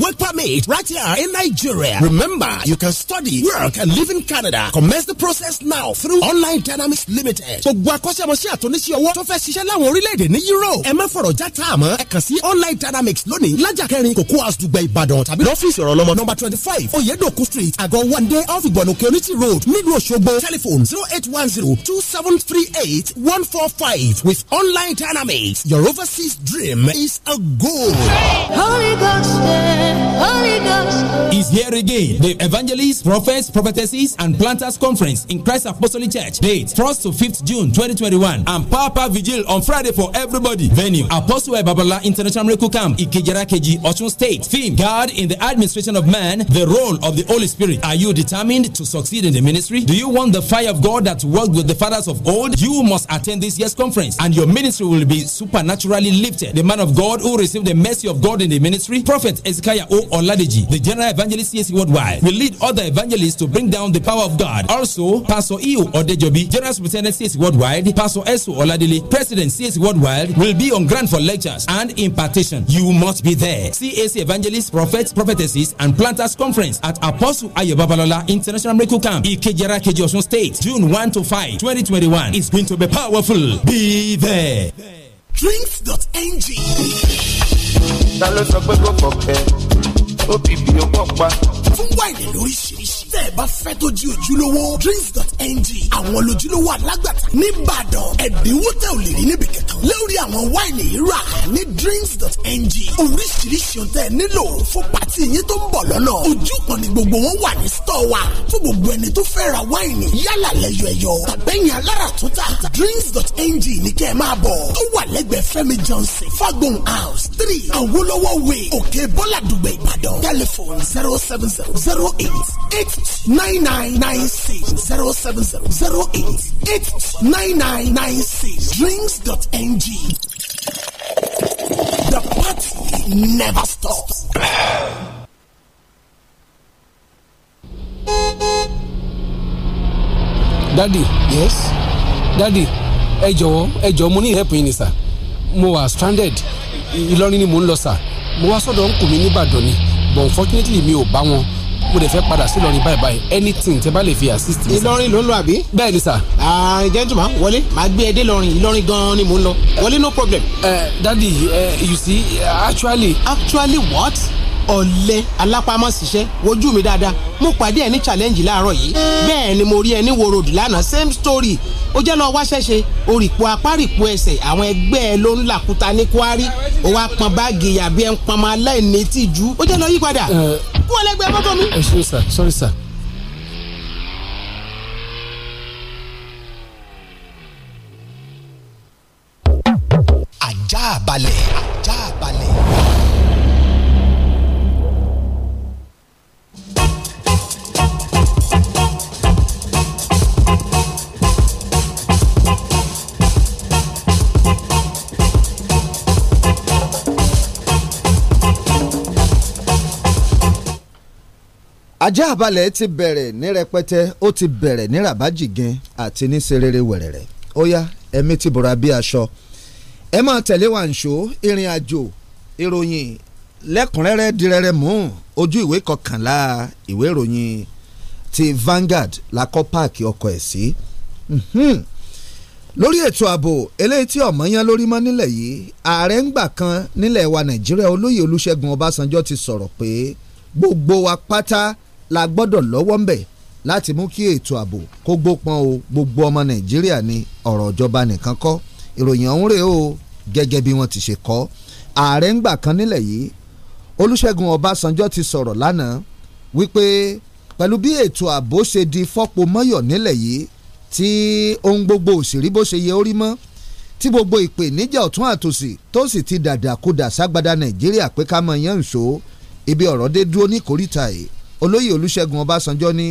work permit right here in Nigeria. Remember, you can study, work, and live in Canada. Commence the process now through Online Dynamics Limited. Gbogbo akọ́ṣẹ́mọṣẹ́ àtúnṣe ọwọ́ tó fẹ́ ṣiṣẹ́ láwọn orílẹ̀-èdè ní Europe. Ẹ má fọ̀rọ̀ já tá a mọ́. Ẹ kàn sí Online Dynamics lónìí. Lájà kẹrin Cocoa House Dùgbẹ̀ Ìbàdàn tàbí lọ́fíìsì ọ̀rọ̀ lọ́mọ. Nọmba twenty five Oyedoku street Àgọ́ one day off Ìgbọ̀nùkẹ́ Oníṣì road nílùú Òṣogbo. Telephone zero eight one zero two seven three eight one four five with Online Dynamics. Your overseas dream is a goal. Holy Ghost is here again. The Evangelists, Prophets, Prophetesses, and Planters Conference in Christ Apostolic Church. Date 1st to 5th June 2021. And Papa Vigil on Friday for everybody. Venue Apostle Babala International Miracle Camp, Ikejara Keji, Oshun State. Theme God in the Administration of Man, the role of the Holy Spirit. Are you determined to succeed in the ministry? Do you want the fire of God that worked with the fathers of old? You must attend this year's conference and your ministry will be supernaturally lifted. The man of God who received the mercy of God in the ministry, Prophet Ezekiel Ishaya O. Oladeji, the General Evangelist CSC Worldwide, will lead other evangelists to bring down the power of God. Also, Pastor Iyo Odejobi, General Superintendent CSC Worldwide, Pastor Esu Oladili, President CSC Worldwide, will be on ground for lectures and impartation. You must be there. CAC Evangelists, Prophets, Prophetesses, and Planters Conference at Apostle Ayo Babalola International Miracle Camp, Ikejara, Keji, State, June 1 to 5, 2021. It's going to be powerful. Be there. Drinks.ng ta ló sọ pé kò pọ̀ pẹ́ ó bìbì ó pọ̀ pa. fún wáìnì lóríṣiríṣi tẹ̀ ẹ bá fẹ́ tó di ojúlówó drinks.ng àwọn lójúlówó alágbàtà nìbàdàn ẹ̀dínwó tẹ̀ ò lè rí níbi kankan lórí àwọn wáìnì rà ní drinks.ng oríṣiríṣi ọ̀tẹ̀ nílò fún pàtí yín tó ń bọ̀ lọ́nà ojú kan ni gbogbo wọn wà ní stọ̀ wa fún gbogbo ẹni tó fẹ́ ra wáìnì yálà lẹ́yọ̀ ẹ̀yọ̀ tàbẹ́yìn alára tó ta drinks.ng ní kẹ́ ẹ máa bọ̀ tó wà lẹ́gbẹ̀ẹ́ Fẹ́mi Johnson fagbon house three Awolowo way òkè bọ́làdùgbẹ̀ Ìbàdàn telephone zero seven zero zero eight eight eight nine nine six zero seven zero zero eight eight nine nine six drinks.ng. The party never stops. Daddy. Yes. Daddy, ẹ jọ̀wọ́ ẹ jọ̀ọ́ mo ní help yín ni sà. Mo wà stranded. Ìlọrin ni mò ń lọ sà. Mo wá sọ́dọ̀ ń kù mí ní ni. But unfortunately mi ò bá wọn mo dẹ̀ fẹ́ padà sí Ìlọrin báyìí báyìí anything tẹ́ bá lè fi assist mi. Ìlọrin ló ń lọ àbí. bẹ́ẹ̀ sà. gentleman wọlé màá gbé ẹ dé Ìlọrin gan ni mò ń lọ wọlé no problem. Uh, you see actually. actually what? ọ̀lẹ́ alápámọ́síṣẹ́ wojú mi dáadáa mo pàdé ẹ ní challenge láàárọ̀ yìí bẹ́ẹ̀ ni mo rí ẹ ní wo road lánàá same story ó jẹ́ lọ wá ṣẹ́ṣe orìpọ̀ apárìpọ̀ ẹsẹ̀ àwọn ẹgbẹ́ ẹ ló ń làkúta ní kwari ó wá pọn báàgì yàbí ẹ ń pọn aláìní tìjú ó jẹ́ lọ yí padà kú ọlẹ́gbẹ̀ẹ́ mọ́tò mi. ẹ ṣeun sir sorry sir. ajá àbálẹ̀ ti bẹ̀rẹ̀ ní rẹpẹtẹ ó ti bẹ̀rẹ̀ ní rabajigan àti ní serere wẹ̀rẹ̀rẹ̀ ó yá ẹ̀mí ti bọ̀ra bí aṣọ ẹ máa tẹ̀lé wa nṣó ìrìn àjò ìròyìn lẹ́kùnrẹ́rẹ́ dirẹ́rẹ́ mú ojú ìwé kọkànlá ìwé ìròyìn ti Vanguard lakọ́ páàkì ọkọ̀ ẹ̀ sí lórí ètò ààbò eléyìí tí ọmọ yẹn lórí mọ́ nílẹ̀ yìí ààrẹ ńgbà kan nílẹ̀ wa Nàìjíríà olóyè Olúṣẹ́gun Ọbásanjọ́ ti sọ̀rọ̀ pé gbogbo wa pátá la gbọ́dọ̀ lọ́wọ́ ń bẹ̀ láti mú kí ètò ààbò kó gbópọn o gbogbo ọmọ nàìjíríà ni ọ̀rọ̀ ìjọba nìkan kọ́ ìròyìn ọ̀hún rèé o gẹ́gẹ́ bí wọ́n ti ṣe kọ́ ààrẹ ń gbà kan nílẹ̀ yìí olúṣẹ́gun ọbásanjọ́ ti sọ̀rọ̀ lánàá wípé pẹ̀lú bí ètò ààbò ṣe di fọ́pọ̀ mọ́yọ̀ nílẹ̀ yìí tí ohun gbogbo òṣèré bó ṣe yẹ orí mọ́ tí gbogbo ìpèníjà ọ̀tún àtòsí tó sì ti dàdàkudà ságbádá nàìjíríà pé ká mọ̀ yẹn ń so ibi ọ̀rọ̀ dé dúró ní yìí olóyè olúṣẹ́gun ọbásanjọ́ ní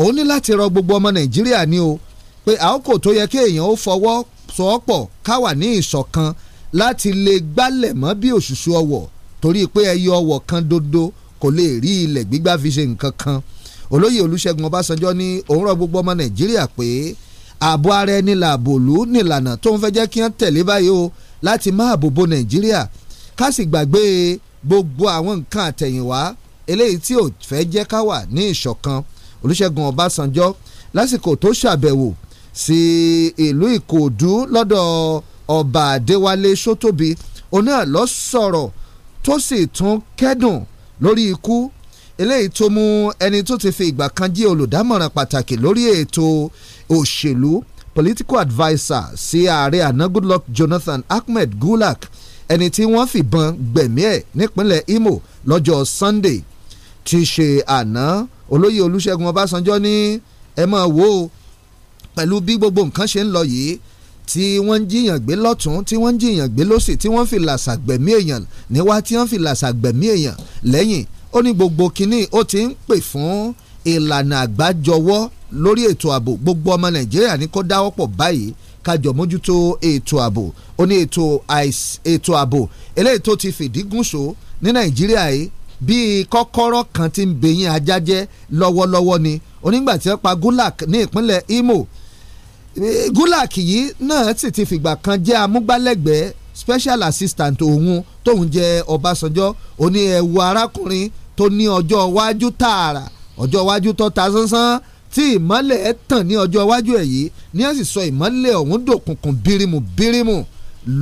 òun ní láti rọ gbogbo ọmọ nàìjíríà ní o pé àókò tó yẹ kí èèyàn ó fọwọ́ sọ́pọ̀ káwà ní ìṣọ̀kan láti lè gbálẹ̀ mọ́ bí òṣùṣù ọwọ̀ torí pé ẹyẹ ọwọ̀ kan dodo kò lè rí ilẹ̀ gbígbá fi ṣe nǹkan kan olóyè olúṣẹ́gun ọbásanjọ́ ní òun rọ gbogbo ọmọ nàìjíríà pé ààbò ara ẹni làbò òlú nìlànà tó ń fẹ́ jẹ́ kí wọ́n tẹ̀lé báyìí o láti máa bòbo nàìjíríà ká sì gbàgbé gbogbo àwọn nǹkan àtẹ̀yìnwá eléyìí tí ò fẹ́ jẹ́ ká wà ní ìṣọ̀kan Olúṣẹ́gun Ọbásanjọ́ lásìkò tó ṣàbẹ̀wò sí ìlú Ìkòdú lọ́dọ̀ ọba Adéwálé Ṣótóbi òun náà lọ sọ̀rọ̀ tó sì tún kẹ́dùn lórí ikú eléyìí tó mú ẹni tó ti fi ìgbà kan jẹ́ olùdámọ̀ràn pàtàkì lórí ètò òṣèlú political adviser sí ààrẹ àná Goodluck Jonathan Ahmed Gulak ẹni tí wọ́n fìbọn gbẹ̀mí ẹ̀ nípínlẹ̀ Imo lọ́jọ́ Sunday ti ṣe àná olóyè olúṣẹ́gun ọbásanjọ́ ní ẹ máa wò ó pẹ̀lú bí gbogbo nǹkan ṣe ń lọ yìí tí wọ́n ń jiyàn gbé lọ́tún tí wọ́n ń jiyàn gbé lọ́sì tí wọ́n fi làṣà gbẹ̀mí èèyàn níwá tí wọ́n fi làṣà gbẹ̀mí èèyàn lẹ́yìn ó ní gbogbo kínní ó ti ń pè fún ìlànà àgbájọwọ́ lórí ètò ààbò gbogbo ọmọ nàìjíríà ní kó dáwọ́pọ̀ báyìí kájọ mójútó ètò ààbò ó ní ètò ààbò eléyìí tó ti fìdí gúnṣó ní nàìjíríà yìí bíi kọ́kọ́rọ́ kan tí ń bẹ̀yìn ajá jẹ́ lọ́wọ́lọ́wọ́ ni onígbà tí wọ́n pa Gulak ní ìpínlẹ̀ Imo Gulak yìí náà sì ti fìgbà kan jẹ́ amúgbálẹ́gbẹ̀ẹ́ special assistant òun tóun jẹ́ Ọbásanjọ́ òní ẹ̀wù arákùnrin tó ní ọjọ́ iwájú tààrà ọjọ́ iwájú tó ta sánsán tí ìmọ́lẹ̀ ẹ̀ tàn ní ọjọ́ iwájú ẹ̀ yìí ní ẹ̀ sì sọ ìmọ́lẹ̀ ọ̀hún dòkùnkùn bírímù bírímù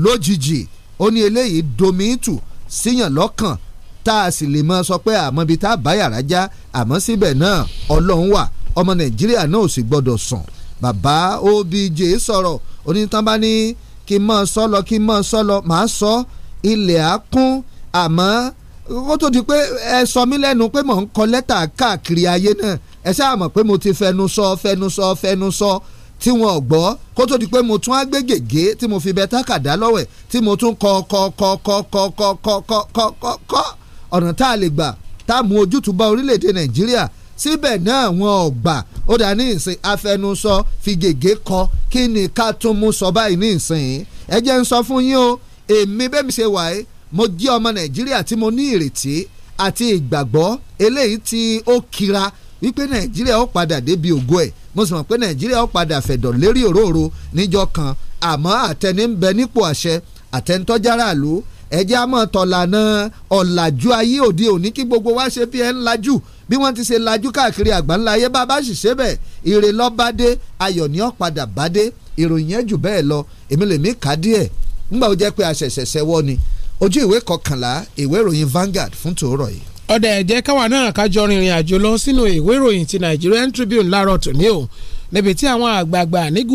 lójijì ó ní eléyìí domi tù síyàn lọ́kàn tá a sì lè mọ sọ pé àmọ́ bíi tá a bá yàrá já àmọ́ síbẹ̀ náà ọlọ́run wà ọmọ nàìjíríà náà ò sì gbọ́dọ̀ sùn bàbá Obj sọ̀rọ̀ onítàn bá ní kí n mọ̀ sọ lọ kí n mọ̀ sọ lọ màá sọ ilẹ̀ á kún àmọ́ ó tó di pé ẹ sọ mí lẹ́nu pé mò ń kọ lẹ́tà káàkiri ayé náà ẹ ṣáà mọ̀ pé mo ti fẹnu sọ fẹnu sọ fẹnu sọ tí wọn ò gbọ́ kó tó di pé mo tún á tí mo fi bẹ tákàdá lọ́wẹ̀ tí mo tún kọ kọ kọ kọ kọ kọ kọ kọ kọ kọ kọ ọ̀nà tá a lè gbà tá a mú ojútùú bá orílẹ̀-èdè nàìjíríà síbẹ̀ náà wọn ò gbà ó dà ní ìsìn afẹnusọ fi gègé kọ kí ni ká tún mú sọ báyìí ní ìsìn ẹ jẹ́ ń sọ fún yín o èmi bẹ́ẹ̀ mi ṣe wáyé mo jẹ́ ọmọ nàìjíríà tí mo ní ìrètí àti ìgbàgbọ́ eléyìí tí ó kira wípé nàìjíríà ó padà débi ògo ẹ̀ mo sì mọ̀ pé nàìjíríà ó padà fẹ̀dọ̀ lérí òróró níjọ́ kan àmọ́ àtẹni ń bẹ nípò àṣẹ àtẹnitọ́jára àlò ẹ̀jẹ̀ á mọ̀ tọ̀lànà ọ̀làjú ayé òde òní kí gbogbo wa ṣe bí ẹ̀ ń lajú bí wọ́n ti ṣe lajú káàkiri àgbáńlá ayé bá a bá sì ṣe bẹ́ẹ̀ ire lọ bá dé ayọ̀ ní ọ̀padà bá dé ìròyìn ẹ̀ jù bẹ́ẹ̀ lọ èmi lè mí kà á díẹ̀ ńgbà ó jẹ́ pé àṣẹ̀ṣẹ̀ṣẹ̀ wọ́ ni ojú ìwé kọkànlá ìwé ìròyìn Vanguard fún tòórọ̀ yìí ọ̀dà ẹ̀jẹ̀ káwa náà kájọ rìnrìn àjò lọ sínú ìwé ìròyìn ti Nigerian Tribune láàárọ̀ tòní o níbi tí àwọn àgbààgbà nígùn